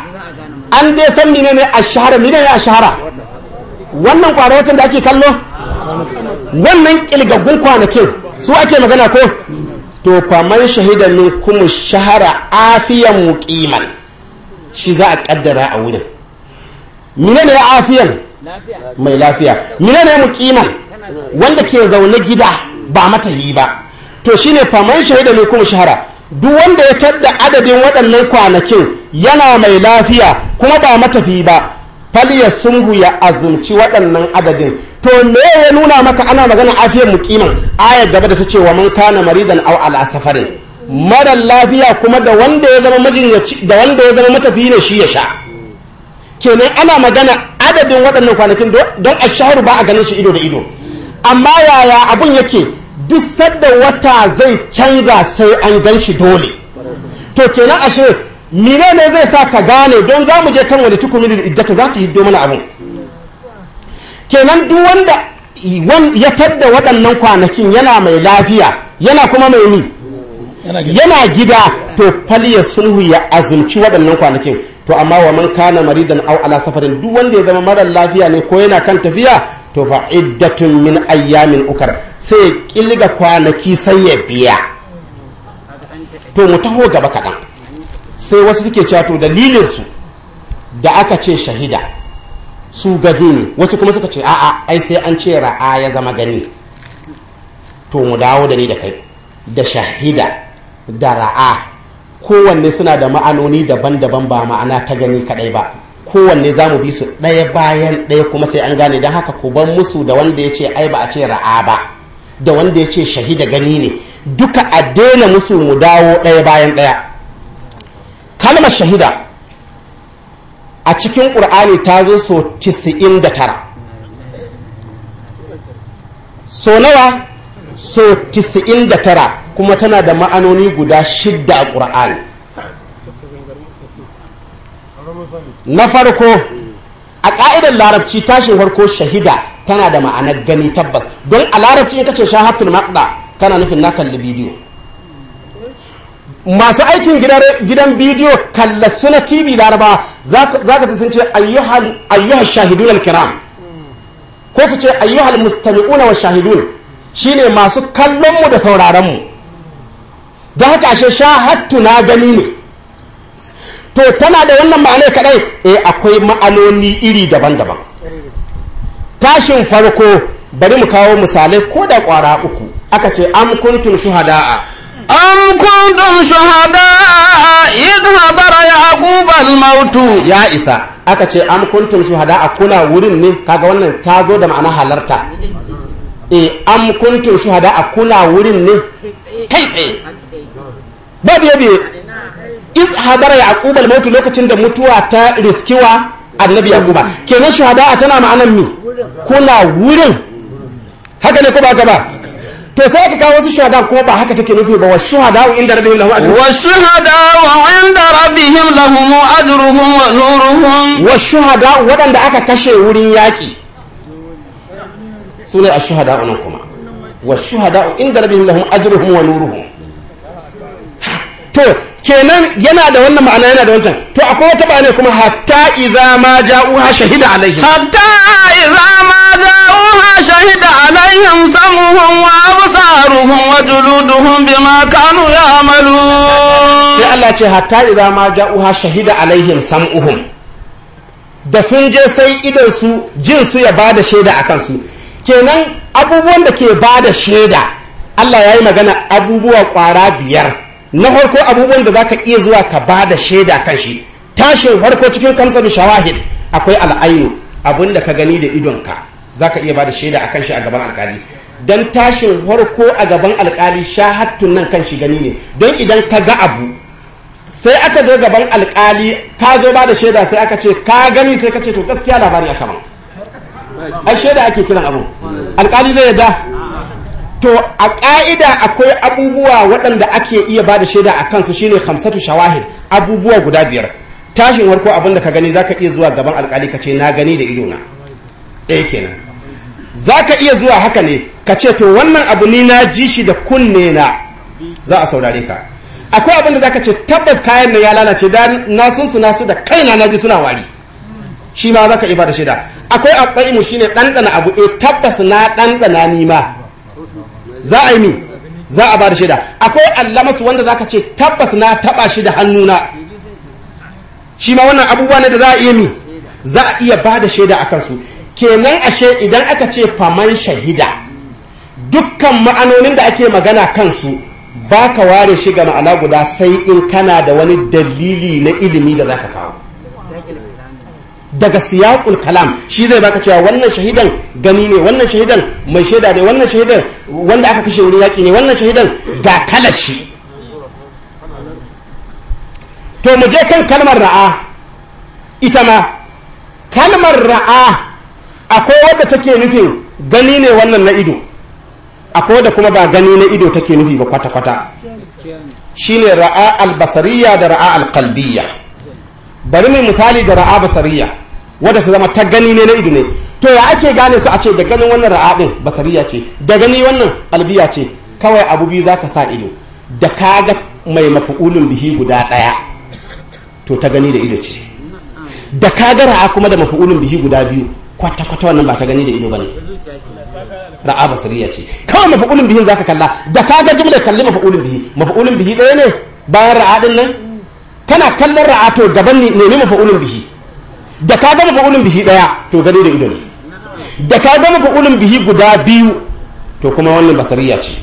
an dai san mine ne a shahara mine ne a shahara wannan wacce da ake kallo wannan kilgaggun kwanakin su ake magana ko to faman shahida min kuma shahara afiyan muqiman shi za a kaddara a wurin mine ne afiyan mai lafiya mine ne mukiman wanda ke zaune gida ba matahi ba to shi ne faman shahida ne kuma shahara duk wanda ya tadda adadin waɗannan kwanakin yana mai lafiya kuma ba matafi ba faliya sunhu ya azumci waɗannan adadin to me ya nuna maka ana magana afiyar mukiman ayar gaba da ta ce wa man kana maridan au ala safarin mara lafiya kuma da wanda ya zama da wanda ya zama matafi ne shi ya sha kenan ana magana adadin waɗannan kwanakin don a shahar ba a ganin shi ido da ido amma yaya abun yake duk sadda wata zai canza sai an gan shi dole to kenan a ashe mine ne zai sa ka gane don za mu je kan wani tukumi da iddata za ta hiddo mana abin. kenan duk wanda ya tadda waɗannan kwanakin yana mai lafiya yana kuma mai mi. yana gida to faliya sulhu ya azumci waɗannan kwanakin to amma wa man kana maridan au ala safarin duk wanda ya zama mara lafiya ne ko yana kan tafiya to fa iddatun min ayyamin ukar sai kilga kwanaki sai ya biya to mu taho gaba kaɗan sai wasu suke cewa to dalilin su da aka ce shahida su gazi ne wasu kuma suka ce a'a ai sai an ce ra'a ya zama gani to mu dawo da ni da kai da shahida da ra'a kowanne suna da ma'anoni daban-daban ba ma'ana ta gani kaɗai ba kowanne za mu bi su ɗaya bayan ɗaya kuma sai an gane don haka ko ban musu da wanda ya ce ai ba a ce ra'a ba da wanda ya ce shahida gani ne duka a daina musu mu dawo ɗaya bayan ɗaya kalmar shahida a cikin ƙur'ani ta zo so 99 so nawa so 99 kuma tana da ma'anoni guda shidda a ƙur'ani na farko a ƙa'idar larabci tashin farko shahida tana da ma'anar gani tabbas don a larabci in kace shahatul maɗa kana nufin na kalli bidiyo masu aikin gidan bidiyo kalla suna tv laraba za ka sun ayyuhar ayyuhal shahidun al-kiram ko su ce ayyuhar mustami'una wa shahidun Shi ne masu kallonmu da sauraronmu Da haka ashe shahattu na gani ne to tana da wannan ma'anai kadai eh akwai ma'anoni iri daban-daban tashin farko bari mu kawo misalai ko da kwara uku aka ce am kuntum shuhada'a am kuntum shuhada'a idh hadara yaqub al-maut ya isa aka ce am kuntum shuhada'a kuna wurin ne kaga wannan ta zo da ma'ana halarta e am kuntum shuhada a kuna wurin ne kai tsaye ba biye biye in hadara ya al maut lokacin da mutuwa ta riskiwa annabi yaquba kenan shuhada a tana ma'anar mi kuna wurin haka ne ko ba ka ba to sai ka kawo wasu shuhada kuma ba haka take nufi ba wa shuhada inda rabbihim lahum ajruhum wa shuhada inda rabbihim lahum ajruhum wa nuruhum wa shuhada wadanda aka kashe wurin yaki su ne a shuhada nan kuma wa shuhada inda rabihim lahum ajruhum wa nuruhum to kenan yana da wannan ma'ana yana da wancan to akwai wata ne kuma hatta idza ma ha shahida alaihim hatta idza ma ha shahida alaihim samuhum wa absaruhum wa juluduhum bima kanu amalu. sai Allah ce hatta idza ma ha shahida alaihim sam'uhum da sun je sai idan su jin su ya bada shaida akan su kenan abubuwan da ke ba da shaida Allah ya yi magana abubuwan kwara biyar na harko abubuwan da za ka iya zuwa ka ba da shaida kan shi tashin harko cikin kamsar shawahid akwai al'ainu abin da ka gani da idonka za ka iya ba da shaida a kan shi a gaban alkali don tashin harko a gaban alkali shahattun nan kan shi gani ne don idan ka ga abu sai aka zo gaban alkali ka zo ba da shaida sai aka ce ka gani sai ka ce to gaskiya labari a kama. ai shaida ake kiran abu. alkali zai yadda to a ƙa'ida akwai abubuwa waɗanda ake iya ba da shaida a kansu shine hamsatu shawahid abubuwa guda biyar tashin warko abinda ka gani zaka iya zuwa gaban alkali ka ce na gani da idona ɗaya kenan zaka iya zuwa haka ne ka ce to wannan abu ni na ji shi da kunne na za a saurare ka akwai abinda za ka ce tabbas kayan na ya lalace da nasunsu nasu da kaina na ji suna wari shi ma za ka iya bada shida akwai mu shi ne ɗanɗana abu e tabbas na ɗanɗana ni ma za a yi mi za a bada shida akwai allamasu wanda za ka ce tabbas na taɓa shi da hannuna shi ma wannan abubuwa ne da za a iya mi za a iya bada shaida a kansu kenan ashe idan aka ce faman shahida dukkan ma'anonin da ake magana kansu ba ka ware shi ga ma'ana guda sai in kana da wani dalili na ilimi da za ka kawo daga siyakul kalam shi zai baka cewa wannan shahidan gani ne wannan shahidan mai shaida ne wannan shahidan wanda aka kashe wurin yaki ne wannan shahidan ga kalashi to mu je kan kalmar ra'a ita ma kalmar ra'a akwai wadda take nufin gani ne wannan na ido akwai wadda kuma ba gani na ido take nufi ba kwata-kwata shine ra'a albasariya da ra'a alkalbiya bari mai misali da ra'a basariya wadda su zama ta gani ne na ido ne to ya ake gane su a ce da ganin wannan ra'adin basariya ce da gani wannan albiya ce kawai abu biyu ka sa ido da ka ga mai mafu'ulun bihi guda daya to ta gani da ido ce da ka ga ra'a kuma da mafu'ulun bihi guda biyu kwata kwata wannan ba ta gani da ido bane ra'a basariya ce kawai mafu'ulun bihin zaka kalla da ka ga jumlar kalli mafu'ulun bihi mafu'ulun bihi ɗaya ne bayan ra'adin nan kana kallon ra'a to gaban ne ne mafa'ulun bihi da ka gama fa'ulun bihi daya to gado da ido ne da ka gama fa'ulun bihi guda biyu to kuma wannan basariya ce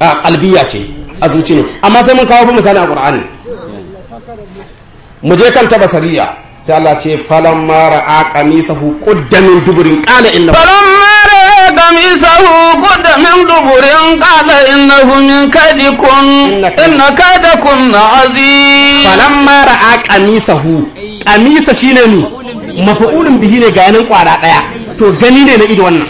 a albiya ce a zuci ne amma sai mun kawo fi misali a qur'ani mu je kan basariya sai Allah ce mara a ƙamisa qudda min duburin qala inna falamma قميصه قد من دبر قال إنه من كيدكم إن كيدكم عظيم فلما رأى قميصه قميص شينني مفعول به ne ga yanan kwara daya to gani ne na ido wannan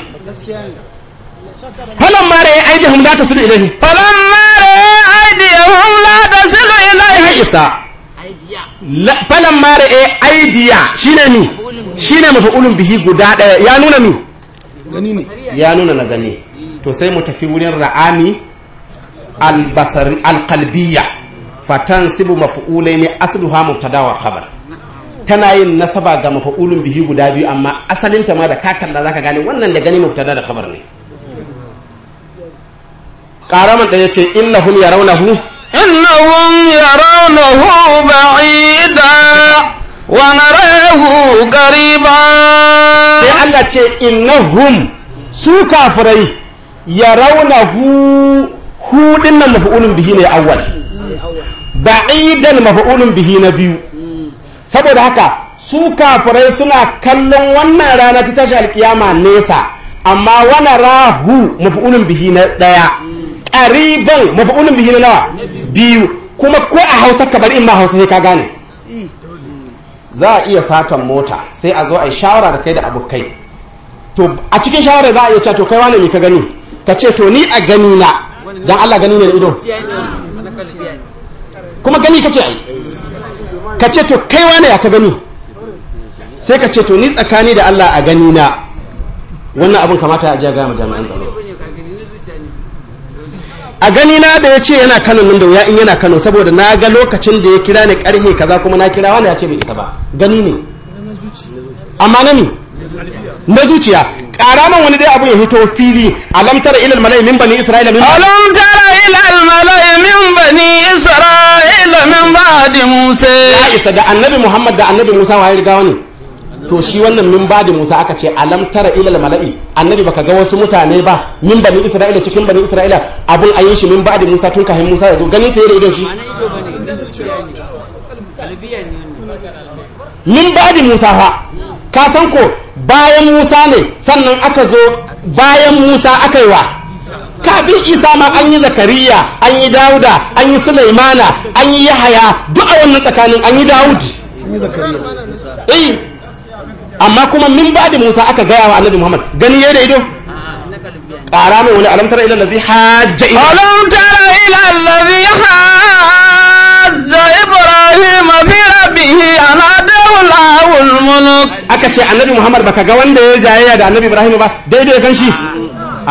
falamma ra'a aidihum la tasilu ilayhi falamma ra'a aidihum la tasilu ilayhi isa falamma ra'a aidiya shine ni shine mafa'ulun bihi guda daya ya nuna ni gani ne ya nuna na gani to sai mu tafi wurin ra'ani alkalbiya fatan sibu maf'ulai ne hamu ta dawa khabar tana yin nasaba ga maf'ulun bihi guda biyu amma asalin ta ma da ka zaka gane wannan da gani mubtada da khabar ne karaman da yace innahum yarawnahu innahum yarawnahu ba'ida wa narahu sai Allah ce innahum su kafirai rauna hu dinnan maf'ulun bihi ne awwal ba'idan maf'ulun bihi na biyu saboda haka su kafirai suna kallon wannan rana ta tashi alkiyama nesa amma wani rahu mafi'ulun bihi na daya ƙariban mafi'ulun bihi na nawa biyu kuma ko a hausa ka in ma hausa sai ka gane za a iya satan mota sai a zo a yi shawara da kai da abokai to a cikin shawara za a iya to kai wane ne ka gani ka ce to ni a gani na don Allah gani ne da ido kuma gani ka ce ai ka ce to kai wane ya ka gani sai ka ce to ni tsakani da Allah a gani na wannan abin kamata a ji mu jami'an tsaro a gani na da ya ce yana kano nan da wuya in yana kano saboda na ga lokacin da ya kira ni karhe kaza kuma na kira wani ya ce bai isa ba gani ne amma na ni na zuciya karaman wani dai abu ya hito fili alamtar ilal mala'i min bani isra'ila min alam ilal mala'i min bani isra'ila min ba'di musa ya isa da annabi muhammad da annabi musa wa ya riga wani to shi wannan min ba da musa aka ce alam tara ilal mala'i annabi baka ga wasu mutane ba min bani isra'ila cikin bani isra'ila abun ayin shi min ba da musa tun kafin musa ya zo ganin sai da idon shi min ba da musa fa ka san ko bayan musa ne sannan aka zo bayan musa aka yi wa kafin isa ma an yi zakariya an yi dauda an yi sulaimana an yi yahaya duk a wannan tsakanin an yi dawud eh amma kuma min ba da musa aka gaya wa annabi muhammad gani ya ido ƙara mai wani alamtara ila lazi hajja ibrahim alamtara ila lazi hajja ibrahim fi rabbihi ana dawul awul muluk aka ce annabi muhammad baka ga wanda ya jayayya da annabi ibrahim ba daidai kan shi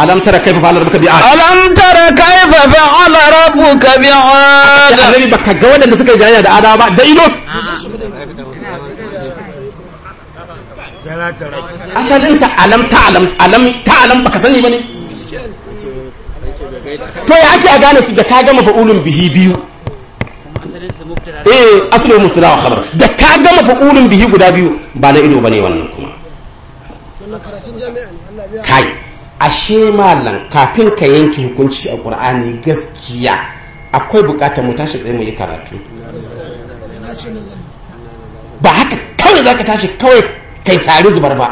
alam tara kaifa fa'ala rabbuka bi'ad alam tara kaifa fa'ala rabbuka ce annabi baka ga wanda suka jayayya da adawa ba da ido asalin ta alam ta alam ta alam baka sani ba ne to ya ake a gane su da ka gama fa'ulun bihi biyu eh asalin mutala wa khabar da ka gama fa'ulun bihi guda biyu ba na ido bane wannan kuma kai ashe malam kafin ka yanke hukunci a qur'ani gaskiya akwai bukatar mu tashi tsaye mu yi karatu ba haka kawai zaka tashi kawai kai sari zubar ba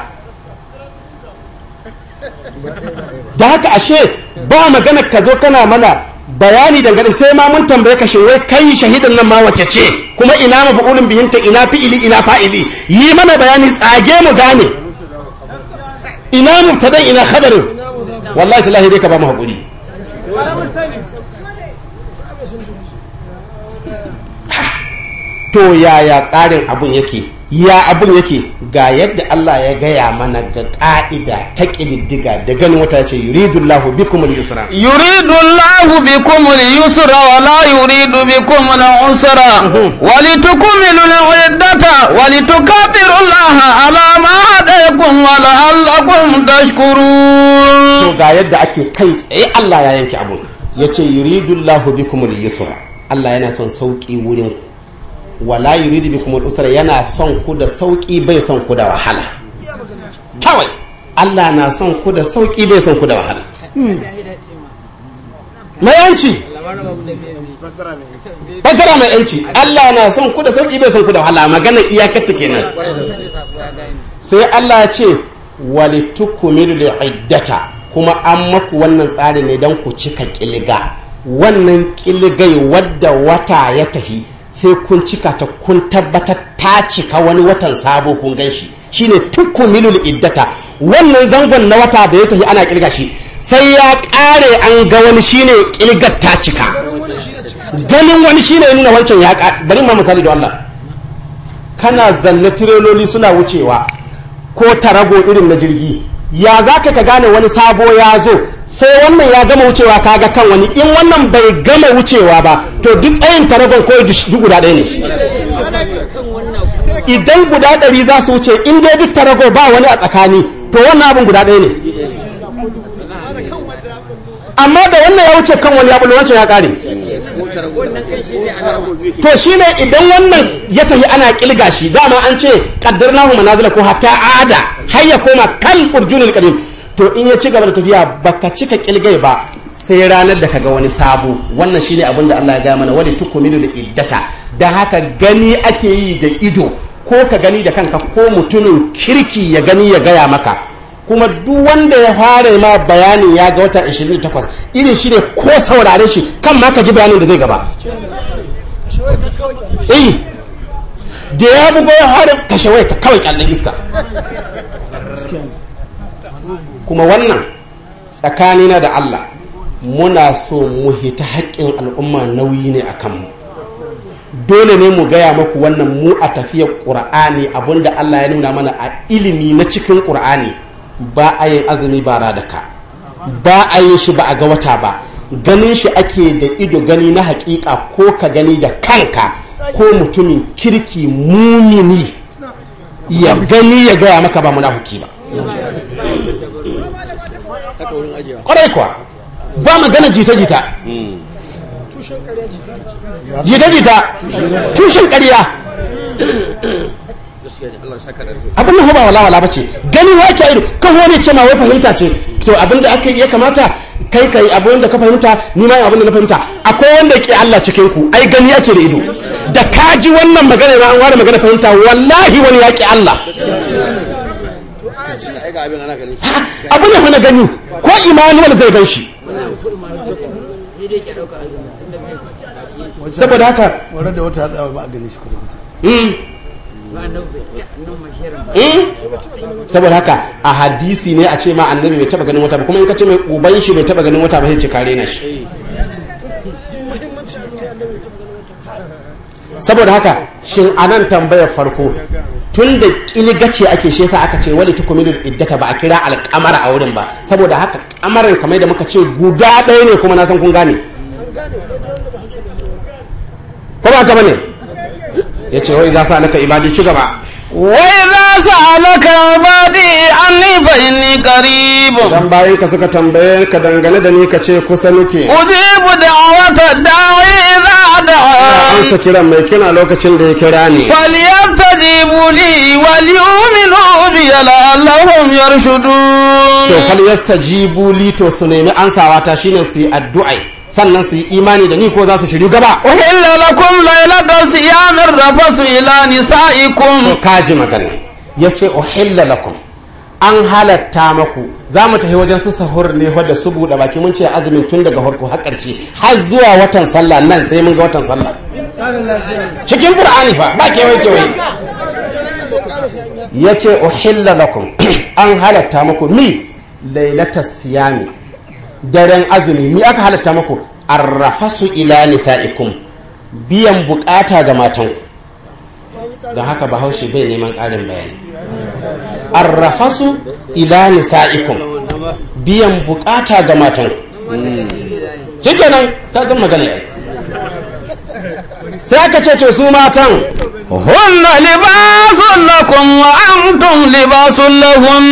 da haka ashe ba magana ka zo kana mana bayani dangane sai ma mun tambaye ka wai kai shahidan nan ma wace ce kuma ina mafa'ulun bihinta ina fi'ili ina fa'ili yi mana bayani tsage mu gane ina dan ina khabarin wallahi lahi dai ka ba mu hakuri to yaya tsarin abun yake ya abin yake ga yadda Allah ya gaya mana ga ka'ida ta ƙididdiga da ganin wata ce yuridullahu bikum al-yusra yuridullahu bikum al-yusra wa la yuridu bikum al-usra mhm. wa litukmilu al-iddata wa litukabbiru Allah ala ma hadaykum wa la'allakum tashkurun to ga yadda ake kai tsaye Allah ya yanke abun yace yuridullahu bikum al-yusra Allah yana son sauki wurin ku wala yuridu bikum al-usra yana son ku da sauki bai son ku da wahala kawai Allah na son ku da sauki bai son ku da wahala hmm. mai yanci fassara mai yanci Allah na son ku da sauki bai son ku da wahala magana iyakar ta kenan sai Allah ya ce walitukumilu li'iddata kuma an maku wannan tsari ne don ku cika kiliga wannan kiligai wadda wata ya tafi sai kun cika ta kun tabbatar ta cika wani watan sabo kun gan shi shine milul iddata wannan zangon na wata da ya tafi ana kirga shi sai ya kare an ga wani shine kirgar ta cika ganin wani shine ya nuna wancan ya kare bari ma misali da wannan. kana zanne tireloli suna wucewa ko tarago irin na jirgi ya za ka gane wani sabo ya zo sai wannan ya gama wucewa ka ga kan wani in wannan bai gama wucewa ba to duk tsayin taragon ko duk guda ɗaya ne idan guda ɗari za su wuce in dai duk tarago ba wani a tsakani to wannan abin guda ɗaya ne amma da wannan ya wuce kan wani ya wancan ya ƙare to shine idan wannan ya tafi ana kilga shi dama an ce kaddar qaddarnahu manazila ko hatta ada har ya koma kal urjunul qadim to in ya ci gaba da tafiya baka cika kilgai ba sai ranar da kaga wani sabo wannan shine abin da Allah ya gaya mana wani tukuminu da iddata da haka gani ake yi da ido ko ka gani da kanka ko mutumin kirki ya gani ya gaya maka kuma duk wanda ya fara ma bayanin ya ga wata 28 irin shi ne ko saurare shi kan ma ka ji bayanin da zai gaba eh da ya bugo ya harin kashe waya ta kawai iska kuma wannan tsakanina da Allah muna so mu hita haƙƙin al'umma nauyi ne a kanmu dole ne mu gaya maku wannan mu a tafiyar ƙur'ani abinda Allah ya nuna mana a ilimi na cikin ƙur'ani ba a yin azumi ba radaka ba a yin shi ba a ga wata ba ganin shi ake da ido gani na hakika ko ka gani da kanka ko mutumin kirki mumini ya gani ya gaya maka ba munafuki ba kwarai kuwa ba magana jita-jita jita-jita tushen karya abin nan ba wala wala ce gani wa ake ido kan wani ce ma wai fahimta ce to abin da aka ya kamata kai kai abu wanda ka fahimta ni ma abin da na fahimta akwai wanda ke Allah cikin ku ai gani ake da ido da ka ji wannan magana na an ware magana fahimta wallahi wani ya ke Allah abu ne wani gani ko wani zai gan shi saboda haka wanda wata ba a gani shi hmm. kwata-kwata Eh? saboda haka a hadisi ne a ce ma annabi bai taba ganin wata ba kuma in ka ce mai uban shi bai taba ganin wata ba sai ce kare na shi saboda haka shin anan tambayar farko tun da ce ake shi yasa aka ce wali tukumilul iddata ba a kira alkamara a wurin ba saboda haka kamarar kamar da muka ce guda ɗaya ne kuma na san kun gane ko ba bane ya ce wai za su naka ibadi ci gaba wai za su alaka ibadi an ni bayin ni karibu dan bayan ka suka tambaye ka dangane da ni ka ce kusa bu ujibu awata da ansa kiran mai kina lokacin da ya kira ni falyastajibu li wal yu'minu bi la'allahum shudu. to ta jibuli to su nemi ansawa ta shine su yi addu'a sannan su yi imani da ni ko za su shiru gaba uhilla lakum laylatan siyamin rafasu ila nisaikum to kaji magana yace uhilla lakum an halatta maku za mu tafi wajen su sahur ne wadda su buɗe baki mun ce azumin tun daga harko har har zuwa watan sallah nan sai mun ga watan sallah cikin qur'ani fa ba kewaye kewaye ya ce uhilla lakum an halatta maku mi lailata siyami daren azumi mi aka halatta maku su ila nisa'ikum biyan bukata ga matanku don haka bahaushe bai neman ƙarin bayani arrafasu ila nisa'ikum biyan bukata ga matan nan ta zan magana yayi sai aka ce to su matan hunna libasun lakum wa antum libasun lahum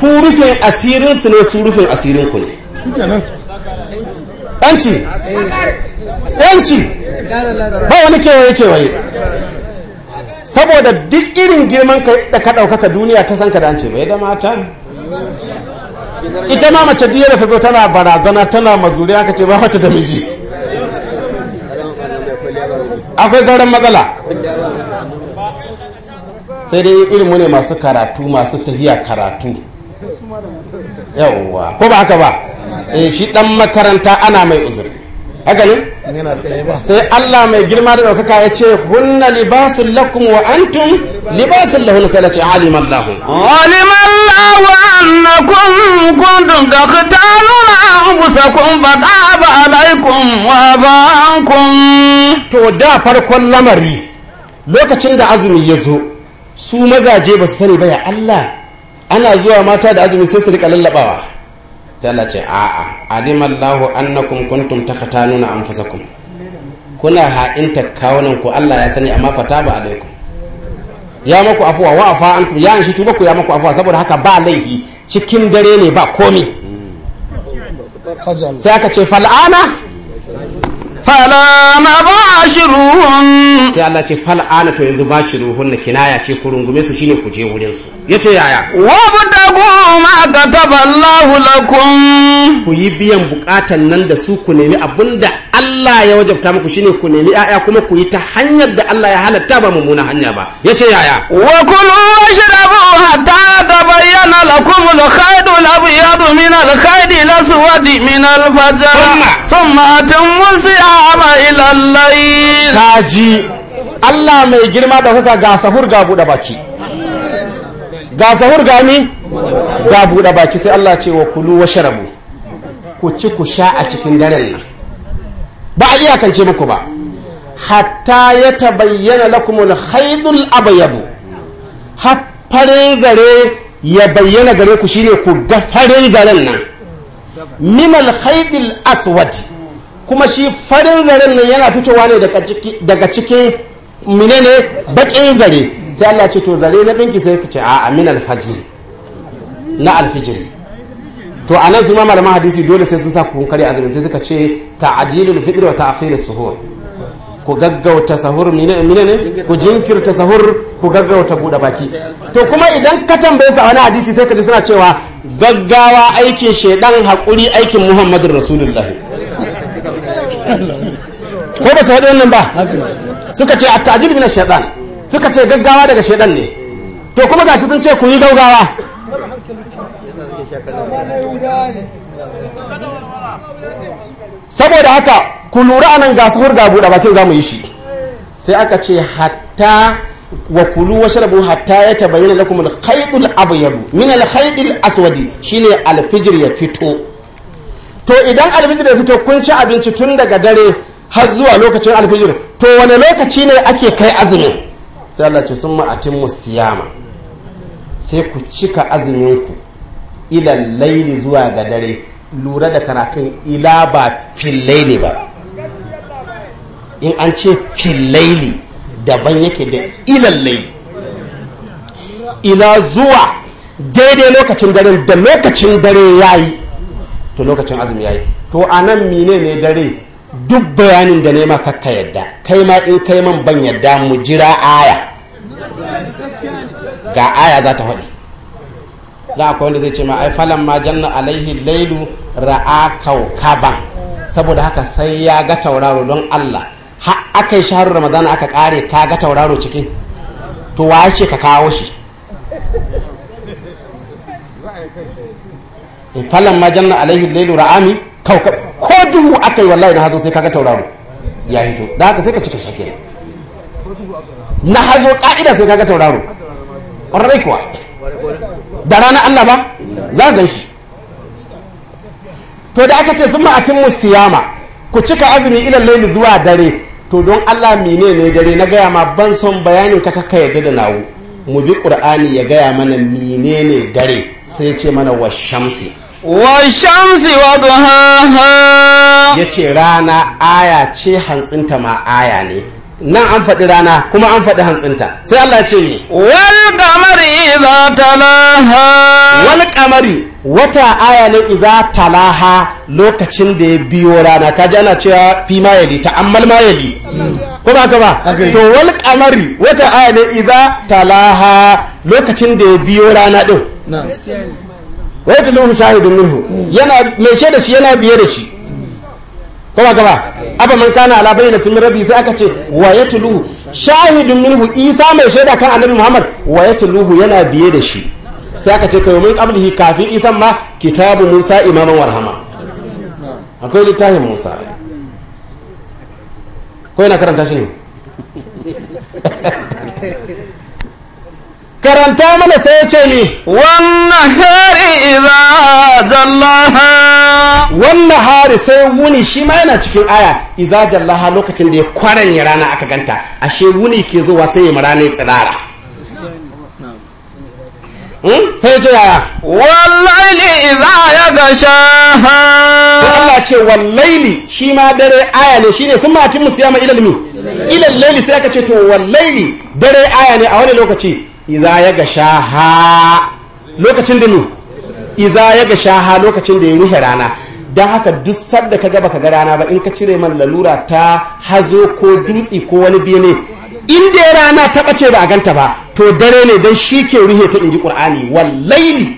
ku rufin asirin su ne su rufin asirin ku ne yanci yanci ba wani kewaye kewaye saboda duk irin girman ka da ka ɗaukaka duniya ta san ka da an ce bai da mata ita ma mace diya da ta zo tana barazana tana mazuri aka ce ba mata da miji akwai zaren matsala sai dai irin mu ne masu karatu masu tafiya karatu yawwa ko ba haka ba eh, shi dan makaranta ana mai uzuri haka sai Allah mai girma da ɗaukaka ya ce hunna libasun lakum wa antum libasun lahun sai aliman lahu aliman lahu annakum kuntum taqtaluna anfusakum fa alaikum wa bankum to da farkon lamari lokacin da azumi ya zo su mazaje ba su sani ba ya Allah ana zuwa mata da azumi sai su rika lallabawa sai ce a'a alimallahu annakum kuntum takatanuna anfusakum kuna ha'inta kawunan ku Allah ya sani amma fata ba alaikum ya maku afuwa wa afa ku ya anshi tuba ku ya maku afuwa saboda haka ba laifi cikin dare ne ba komi sai aka ce fal'ana fala na ruhun sai Allah ce fal ana to yanzu ruhun na kinaya ce ku rungume su shine ku je wurin su yace yaya wa goma ma kataballahu lakum ku yi biyan bukatan nan da su ku nemi abinda Allah ya wajabta muku shine ku nemi ƴaƴa kuma ku yi ta hanyar da Allah ya halatta ba mummuna hanya ba yace yaya wa kulu washrabu hatta tabayyana lakum al-khaydu al-abyad min al-khaydi al-aswad min al-fajr thumma atimmu siyama ila al-layl kaji Allah mai girma da kuka ga sahur ga buɗe baki ga sahur ga ni ga buɗe baki sai Allah ce wa kulu washrabu ku ci ku sha a cikin daren nan ba a iyakance muku ba hatta ya tabayyana lakumul haidul abyadu har farin zare ya bayyana gare ku shine ku ga farin zaren nan mimal haidil aswad kuma shi farin zaren nan yana fitowa ne daga cikin menene bakin zare sai Allah ce to zare na binki sai ka ce a aminal fajr na alfijiri to a nan su ma malaman hadisi dole sai sun sa kun kare azumin sai suka ce ta'jilul fitr wa ta'khirus suhur ku gaggauta sahur mine ne ku jinkirta sahur ku gaggauta bude baki to kuma idan ka tambaye su a wani hadisi sai ka ji suna cewa gaggawa aikin shedan hakuri aikin muhammadin rasulullahi ko ba su faɗi wannan ba suka ce a ta'ajil mina shaitan suka ce gaggawa daga shaidan ne to kuma gashi sun ce ku yi gaugawa saboda haka ku lura anan ga sahur ga buɗe bakin za mu yi shi sai aka ce hatta wa kulu wa sharabu hatta ya tabayyana lakum al abu abyadu min al aswadi shine al-fijr ya fito to idan al ya fito kun ci abinci tun daga dare har zuwa lokacin al to wane lokaci ne ake kai azumin sai Allah ce sun summa atimmu siyama sai ku cika azumin ku ilan laili zuwa ga dare lura da karatun ila ba ne ba in an ce fillaili daban yake da ilan laili ila zuwa daidai lokacin dare da lokacin dare ya yi to lokacin azumi ya yi to a nan mine ne dare duk bayanin da nema kakka yadda kai ma in kai man ban yadda mu jira aya ga aya za ta faɗi za akwai wanda zai ce ma ai falan ma janna alaihi lailu ra'a kaukaban saboda haka sai ya ga tauraro don Allah ha aka yi shaharar ramadana aka kare ka ga tauraro cikin to wa ce ka kawo shi eh, falan ma janna alaihi lailu ra'ami kaukab ko duhu aka yi wallahi na hazo sai ka ga tauraro ya hito da haka sai ka cika shakira na hazo ka'ida sai ka ga tauraro ƙwarai kuwa da ranar Allah ba za gan shi to da aka ce sun ma'atin musiyama ku cika azumi ilan laili zuwa dare to don Allah mine ne dare na gaya ma ban son bayanin ka kaka yadda da nawo mu bi qur'ani ya gaya mana mine ne dare sai ce mana wa shamsi wa shamsi wa Ya ce rana aya ce hantsinta ma aya ne nan an faɗi rana kuma an faɗi hantsinta sai Allah ce ne wal kamari idza talaha wal kamari wata aya ne idza talaha lokacin da ya biyo rana kaji ana cewa fi mayali ta'ammal mayali ko ba ka ba to wal kamari wata aya ne idza talaha lokacin da ya biyo rana din wata lahu shahidun minhu yana mai shaida shi yana biye da shi kowa gaba abu man kana ala bayyinatin rabi sai aka ce wa tulu shahidun minhu isa mai shaida kan annabi muhammad wa ya tuluhu yana biye da shi sai aka ce kai min kafin isa ma kitabu musa imaman warhama akwai littafin musa ko yana karanta shi ne karanta mana sai ya ce ni. wannan hari iza jallaha wannan hari sai wuni shi ma yana cikin aya iza jallaha lokacin da ya kwaran ya rana aka ganta ashe wuni ke zuwa sai ya ne tsirara hmm? sai ya ce yaya wallaili iza ya gasha Allah ce wallaili shi ma dare aya ne shine sun matin musiyama ilalmi ilallaili sai aka ce to wallaili dare aya ne a wani lokaci Iza ya ga shaha lokacin da ya ga shaha lokacin da ya ruhe rana don haka duk sadda ka gaba ka ga rana ba in ka cire man lalura ta hazo ko dutse ko wani bene in da rana ta bace ba a ganta ba to dare ne don shi ke ruhe ta inji ƙur'ani wallaili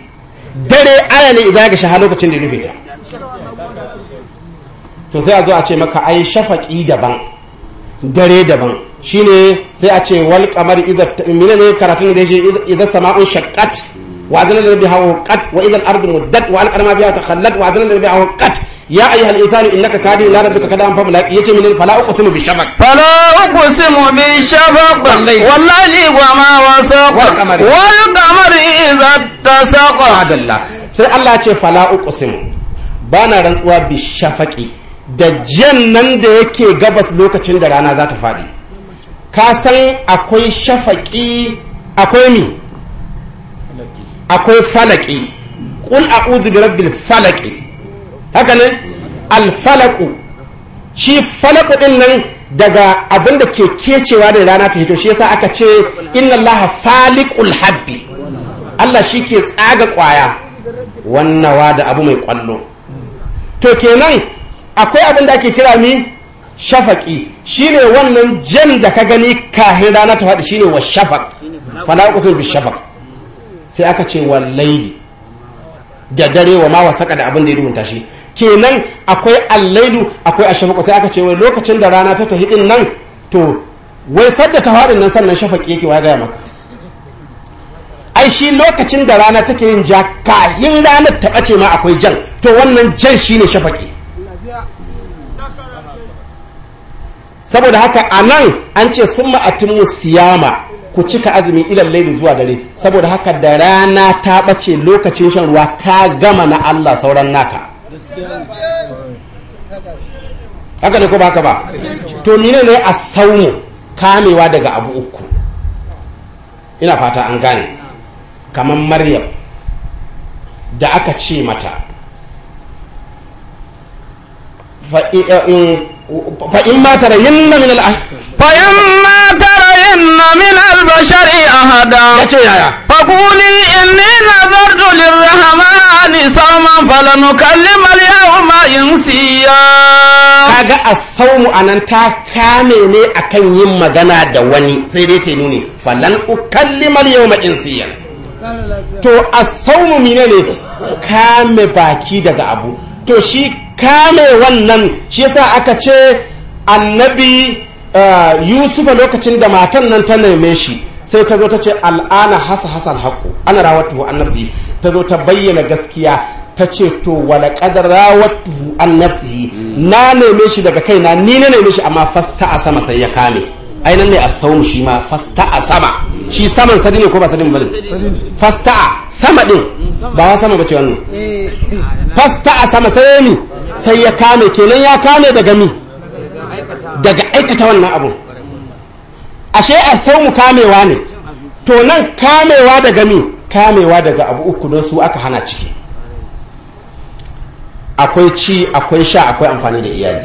dare aya ne iza ya ga shaha lokacin da ya ruhe ta to sai a zo a ce maka ai shafaƙi daban dare daban shine sai a ce wal qamari idza mine ne karatun da shi idza sama'un shaqqat wa azna rabbiha waqat wa idza al-ardu muddat wa al-qamara biha takhallat wa azna rabbiha waqat ya ayyuhal insanu innaka kadi ila rabbika kadan fa mulaqi yace mine fala uqsimu bi shafaq fala uqsimu bi shafaq wallahi wa ma wasaq wal qamari idza tasaqa adalla sai Allah ya ce fala uqsimu bana rantsuwa bi shafaqi da jan nan da yake gabas lokacin da rana za ta faɗi ka san akwai shafaƙi akwai mi akwai falaƙi ƙul a'udhu bi rabbi falaƙi haka ne alfalaƙu shi falaku din nan daga abinda ke kecewa da rana ta hito shi yasa aka ce inna laha faliƙul habbi Allah shi ke tsaga kwaya wannawa da abu mai kwallo to kenan akwai abin da ake kira mi shafaki shine wannan jan da ka gani kahin rana ta faɗi shine wa shafak fala uqsimu bi shafak sai aka ce wa laili da dare wa ma wasaƙa da abin da ya rubuta shi kenan akwai allailu akwai a ashafaku sai aka ce wai lokacin da rana ta tafi din nan to wai sadda ta faɗin nan sannan shafaki yake waya gaya maka ai shi lokacin da rana take yin ja kahin ranar ta ɓace ma akwai jan to wannan jan shine shafaki saboda haka a nan an ce sun ma'atin siyama ku cika azumin ilan laili zuwa dare saboda haka da rana ta ɓace lokacin shan ruwa ka gama na Allah sauran naka haka ne ko baka ba to mine ne a saumu kamewa daga abu uku ina fata an gane kamar maryam da aka ce mata فإن ما ترين من الأهل فإن ما ترين من البشر أحدا فقولي إني نذرت للرحمن صوما فلنكلم اليوم إنسيا kaga asaumu anan ta kame ne akan yin magana da wani sai dai ta nuni falan ukallimal yawma insiya to asaumu mine ne kame baki daga abu to shi kame wannan shi yasa aka ce annabi uh, yusufa lokacin da matan nan ta neme shi sai ta zo ta ce al'ana hasa hasan haƙo ana rawatuhu an ta zo ta bayyana gaskiya ta ce to wala ƙadar rawatuhu an hmm. na neme shi daga kaina ni na neme shi amma fasta a sama sai ya kame ainihin ne a saumu shi ma fasta'a sama shi saman sadi ne ko ba sadin fasta fasta'a sama din ba ya sama bace wannan fasta'a sama sai mi sai ya kame kenan ya kame daga mi daga aikata wannan abu ashe a saumu kamewa ne to nan kamewa daga mi kamewa daga abu uku don su aka hana ciki akwai ci akwai sha akwai amfani da iyali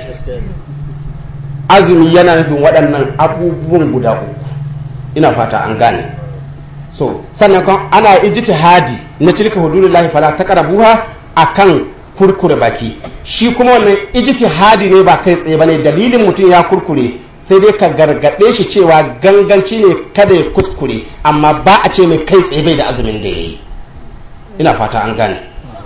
azumi yana nufin waɗannan abubuwan guda uku ina fata an gane so sannan kan ana hadi na tilka hududullahi fala a kan kurkure baki shi kuma wannan hadi ne ba kai tsaye ne dalilin mutum ya kurkure sai dai ka gargaɗe shi cewa ganganci ne kada ya kuskure amma ba a ce mai kai tsaye bai da azumin da ya yi ina fata an gane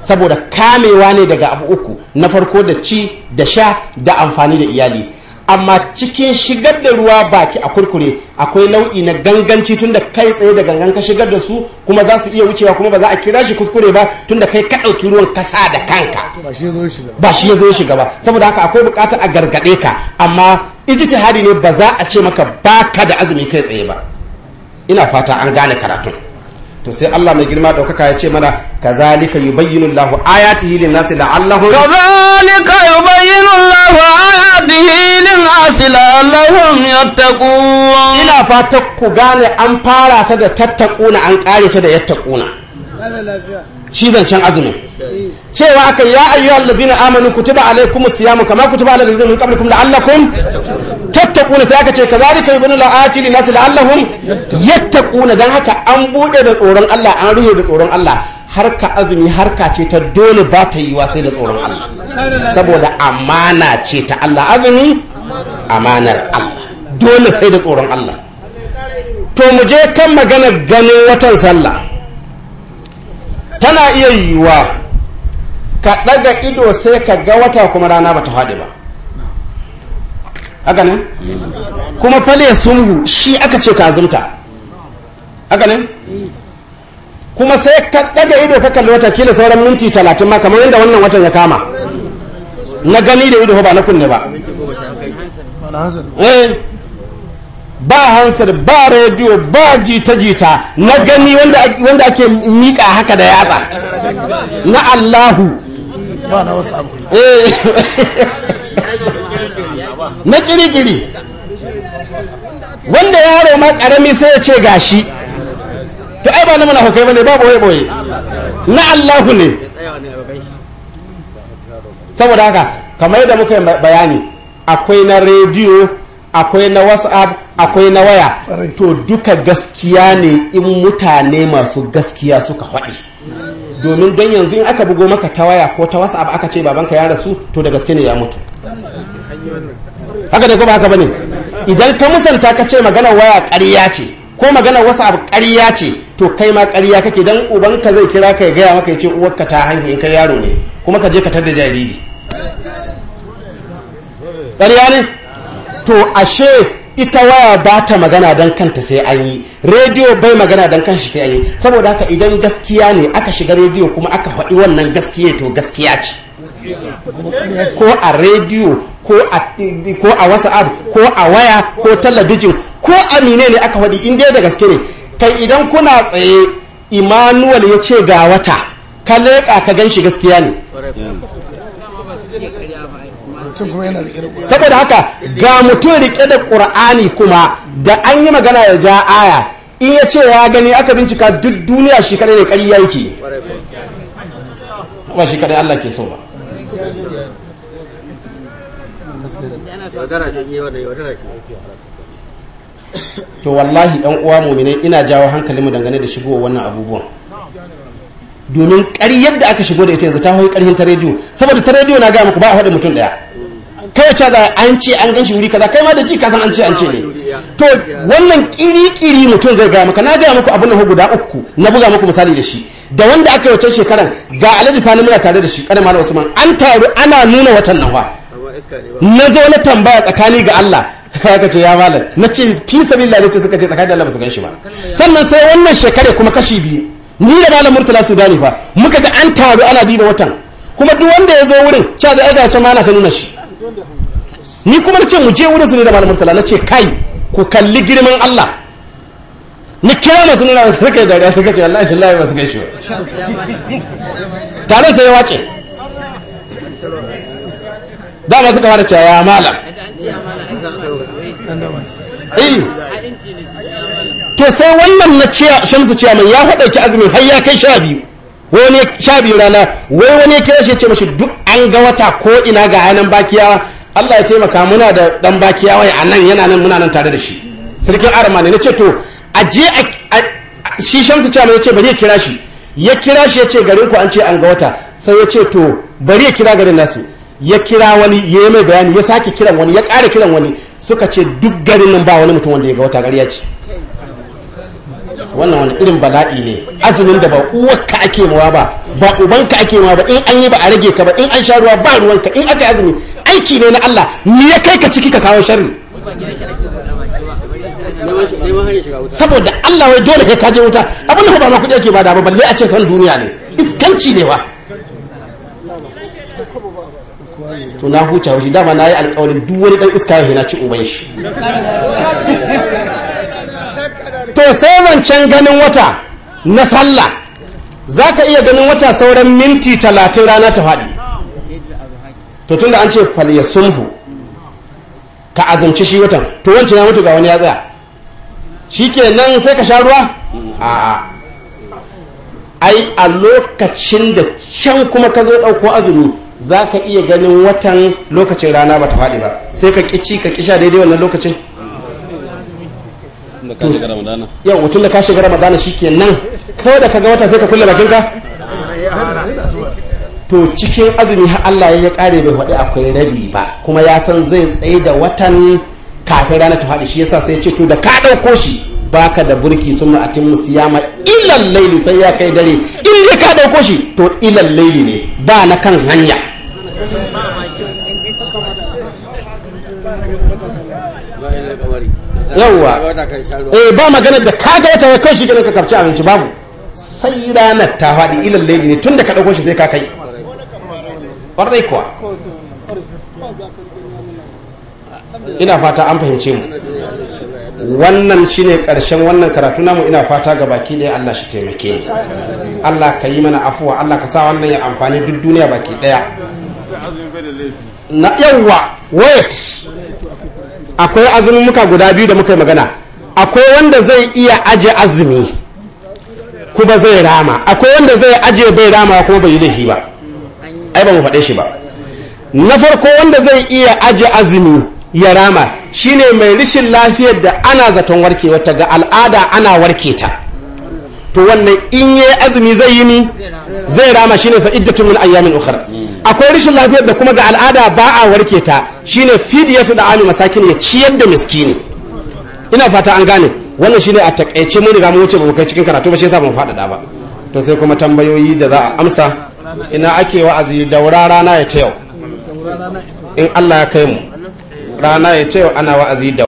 saboda kamewa ne daga abu uku na farko da ci da sha da amfani da iyali amma cikin shigar da ruwa baki a kurkure akwai nau'i na ganganci tun da kai tsaye da gangan ka shigar da su kuma za su iya wucewa kuma ba za a kira shi kuskure ba tun da kai ka ɗauki ruwan kasa da kanka ba shi ya zo shiga ba saboda haka akwai buƙatar a gargaɗe ka amma ijtihadi ne ba za a ce maka baka da azumi kai tsaye ba ina fata an gane karatun to sai Allah mai girma daukaka ya ce mana kazalika yubayyinu Allahu ayatihi lin-nasi la'allahum kazalika yubayyinu Allahu ayatihi lin-nasi la'allahum yattaqun ina fata ku gane an fara ta da tattaquna an kare ta da yattaquna shi zancen azumi. cewa aka ya ayyuhal ladzina amanu kutiba alaykumus siyamu kama kutiba alal ladzina min qablikum la'allakum yattaquna sai aka ce kazalika ibn la'ati lin nas la'allahum yattaquna dan haka an bude da tsoron Allah an rufe da tsoron Allah harka azumi harka ce ta dole ba ta yiwa sai da tsoron Allah saboda amana ce ta Allah azumi amanar Allah dole sai da tsoron Allah to mu je kan maganar ganin watan sallah tana iya yiwa ka ɗaga ido sai ka ga wata kuma rana ba ta faɗi ba haka ne kuma fale sungu shi aka ce ka zumta ne kuma sai ka ɗaga ido ka kalli wata kila sauran minti talatin ma kamar yadda wannan watan ya kama na gani da ido ba na kunne ba eh, ba hansar ba rediyo ba jita-jita na gani wanda ake miƙa haka da yatsa na allahu ba na wasu abu eh. na kirikiri wanda yaro ma karami sai ya ce gashi to aiba na mana hukai bane ba boye boye na Allahu ne saboda haka kamar da muka bayani akwai na rediyo akwai na whatsapp akwai na waya to duka gaskiya ne in mutane masu gaskiya suka faɗi domin don yanzu in aka bugo maka ta waya ko ta abu aka ce babanka ya rasu to da gaske ne ya mutu haka da ko haka bane idan ka musanta ka ce maganar waya ƙarya ce ko maganar abu ƙarya ce to kai ma ƙarya kake dan ubanka zai kira ka ya gaya maka ya ce uwarka ta hanyar in kai yaro ne kuma ka je ka tarda jariri ƙarya ne to ashe ita waya ba ta magana don kanta sai an yi rediyo bai magana don kanshi sai an yi saboda haka idan gaskiya ne aka shiga rediyo kuma aka faɗi wannan gaskiya to gaskiya ce ko a rediyo ko a wasu abu ko a waya ko talabijin ko amine ne aka faɗi in dai da gaske ne kai idan kuna tsaye Emmanuel ya ce ga wata ka leƙa ka gan shi gaskiya ne saboda haka ga mutum rike da ƙur'ani kuma da an yi magana ya ja aya in ya ce ya gani aka bincika duk duniya shi kadai da kari ya yake ba shi kadai Allah ke so ba to wallahi ɗan uwa muminai ina jawo hankalinmu dangane da shigowar wannan abubuwan domin ƙari yadda aka shigo da ita yanzu ta hau ƙarhin ta rediyo saboda ta rediyo na gaya muku ba a haɗe mutum ɗaya kai ce da an ce an ganshi wuri kaza kai ma da ji ka san an ce an ce ne to wannan kiri-kiri mutum zai gaya maka na gaya muku abin nan guda uku na buga muku misali da shi da wanda aka yi shekaran ga alhaji sani muna tare da shi kanin malam usman an taru ana nuna watan nan wa na zo na tambaya tsakani ga allah ka ce ya malam na ce fi sabilla ne ce suka ce da allah ba su ganshi ba sannan sai wannan shekara kuma kashi biyu ni da malam murtala sudani fa muka ga an taru ana diba watan kuma duk wanda ya zo wurin cha da gaya ce ma ana ta nuna shi ni kuma ce mu je wurin su ne da malam murtala nace kai ku kalli girman Allah ni kira masu nuna masu suka yi dariya suka ce Allah shi Allah ya masu gaishe tare sai ya wace masu kama da cewa ya malam eh. to sai wannan na shamsu ciyaman ya faɗa ki azumin har ya kai sha biyu wani sha biyu rana wai wani ya kira shi ya ce mashi duk an ga wata ko ina ga anan bakiyawa Allah ya taimaka muna da dan bakiyawa a nan yana nan muna nan tare da shi sarkin arama ne na ce to a je a shi shamsu cewa ya ce bari ya kira shi ya kira shi ya ce garin ku an ce an ga wata sai ya ce to bari ya kira garin nasu ya kira wani ya yi mai bayani ya sake kiran wani ya kara kiran wani suka ce duk garin nan ba wani mutum wanda ya ga wata gari ya ce wannan wani irin bala'i ne azumin da ba uwarka ake mawa ba ba ubanka ake mawa ba in an yi ba a rage ka ba in an sha ruwa ba ruwanka in aka azumi aiki ne na Allah ni ya kai ka ciki ka kawo sharri saboda Allah wai dole kai ka je wuta abin da ba ma kuɗi ake bada ba balle a ce san duniya ne iskanci ne wa to na huta shi dama na yi alƙawarin duk wani dan iska ya na ci uban shi to sai wancan ganin wata na sallah za ka iya ganin wata sauran minti talatin rana ta faɗi to tun da an ce falye sunhu ka azumci shi watan to wancan ya mutu ga wani ya tsaya shi nan sai ka sha ruwa a ai a lokacin da can kuma ka zo ɗauko azumi za ka iya ganin watan lokacin rana ba ta faɗi ba sai ka ƙici ka ƙisha daidai wannan lokacin tunda ka shiga ramadana yau tunda ka shiga ramadana kawai da kaga wata sai ka kulle bakin ka to cikin azumi har Allah ya kare bai faɗi akwai rabi ba kuma ya san zai tsaye da watan kafin rana ta faɗi shi yasa sai ya ce to da ka ɗauko shi baka da burki sun atin musiyama ilal laili sai ya kai dare in dai ka ɗauko shi to ilal laili ne ba na kan hanya yawwa eh ba magana da kaga wata ya kai shi gidan ka kafci abinci babu sai ranar ta faɗi ilal laili ne tunda ka dauko shi sai ka kai kwarai kuwa ina fata an fahimce mu wannan shine karshen wannan karatu namu ina fata ga baki ɗaya Allah shi taimake ni Allah ka yi mana afuwa Allah ka sa wannan ya amfani duk duniya baki ɗaya na yawwa wait akwai muka guda biyu da muka yi magana akwai wanda zai iya aje azumi kuma zai rama akwai wanda zai aje bai rama kuma bai yi laifi ba ai ba mu faɗe shi ba na farko wanda zai iya aje azumi ya rama shine mai rishin lafiyar da ana zaton warkewa ta ga al'ada ana warke ta to wannan in yi azumi zai yi ni zai rama shine fa iddatun min ayyamin ukhra akwai rashin lafiyar da kuma ga al'ada ba a warke ta shine fidiyatu da ami masakin ya ciyar da miskini ina fata an gane wannan shine a takaice muni da wuce ba kai cikin karatu ba shi yasa mu faɗaɗa ba to sai kuma tambayoyi da za a amsa ina ake wa'azi daura rana ya ta yau in Allah ya kai mu rana ya ta yau ana wa'azi da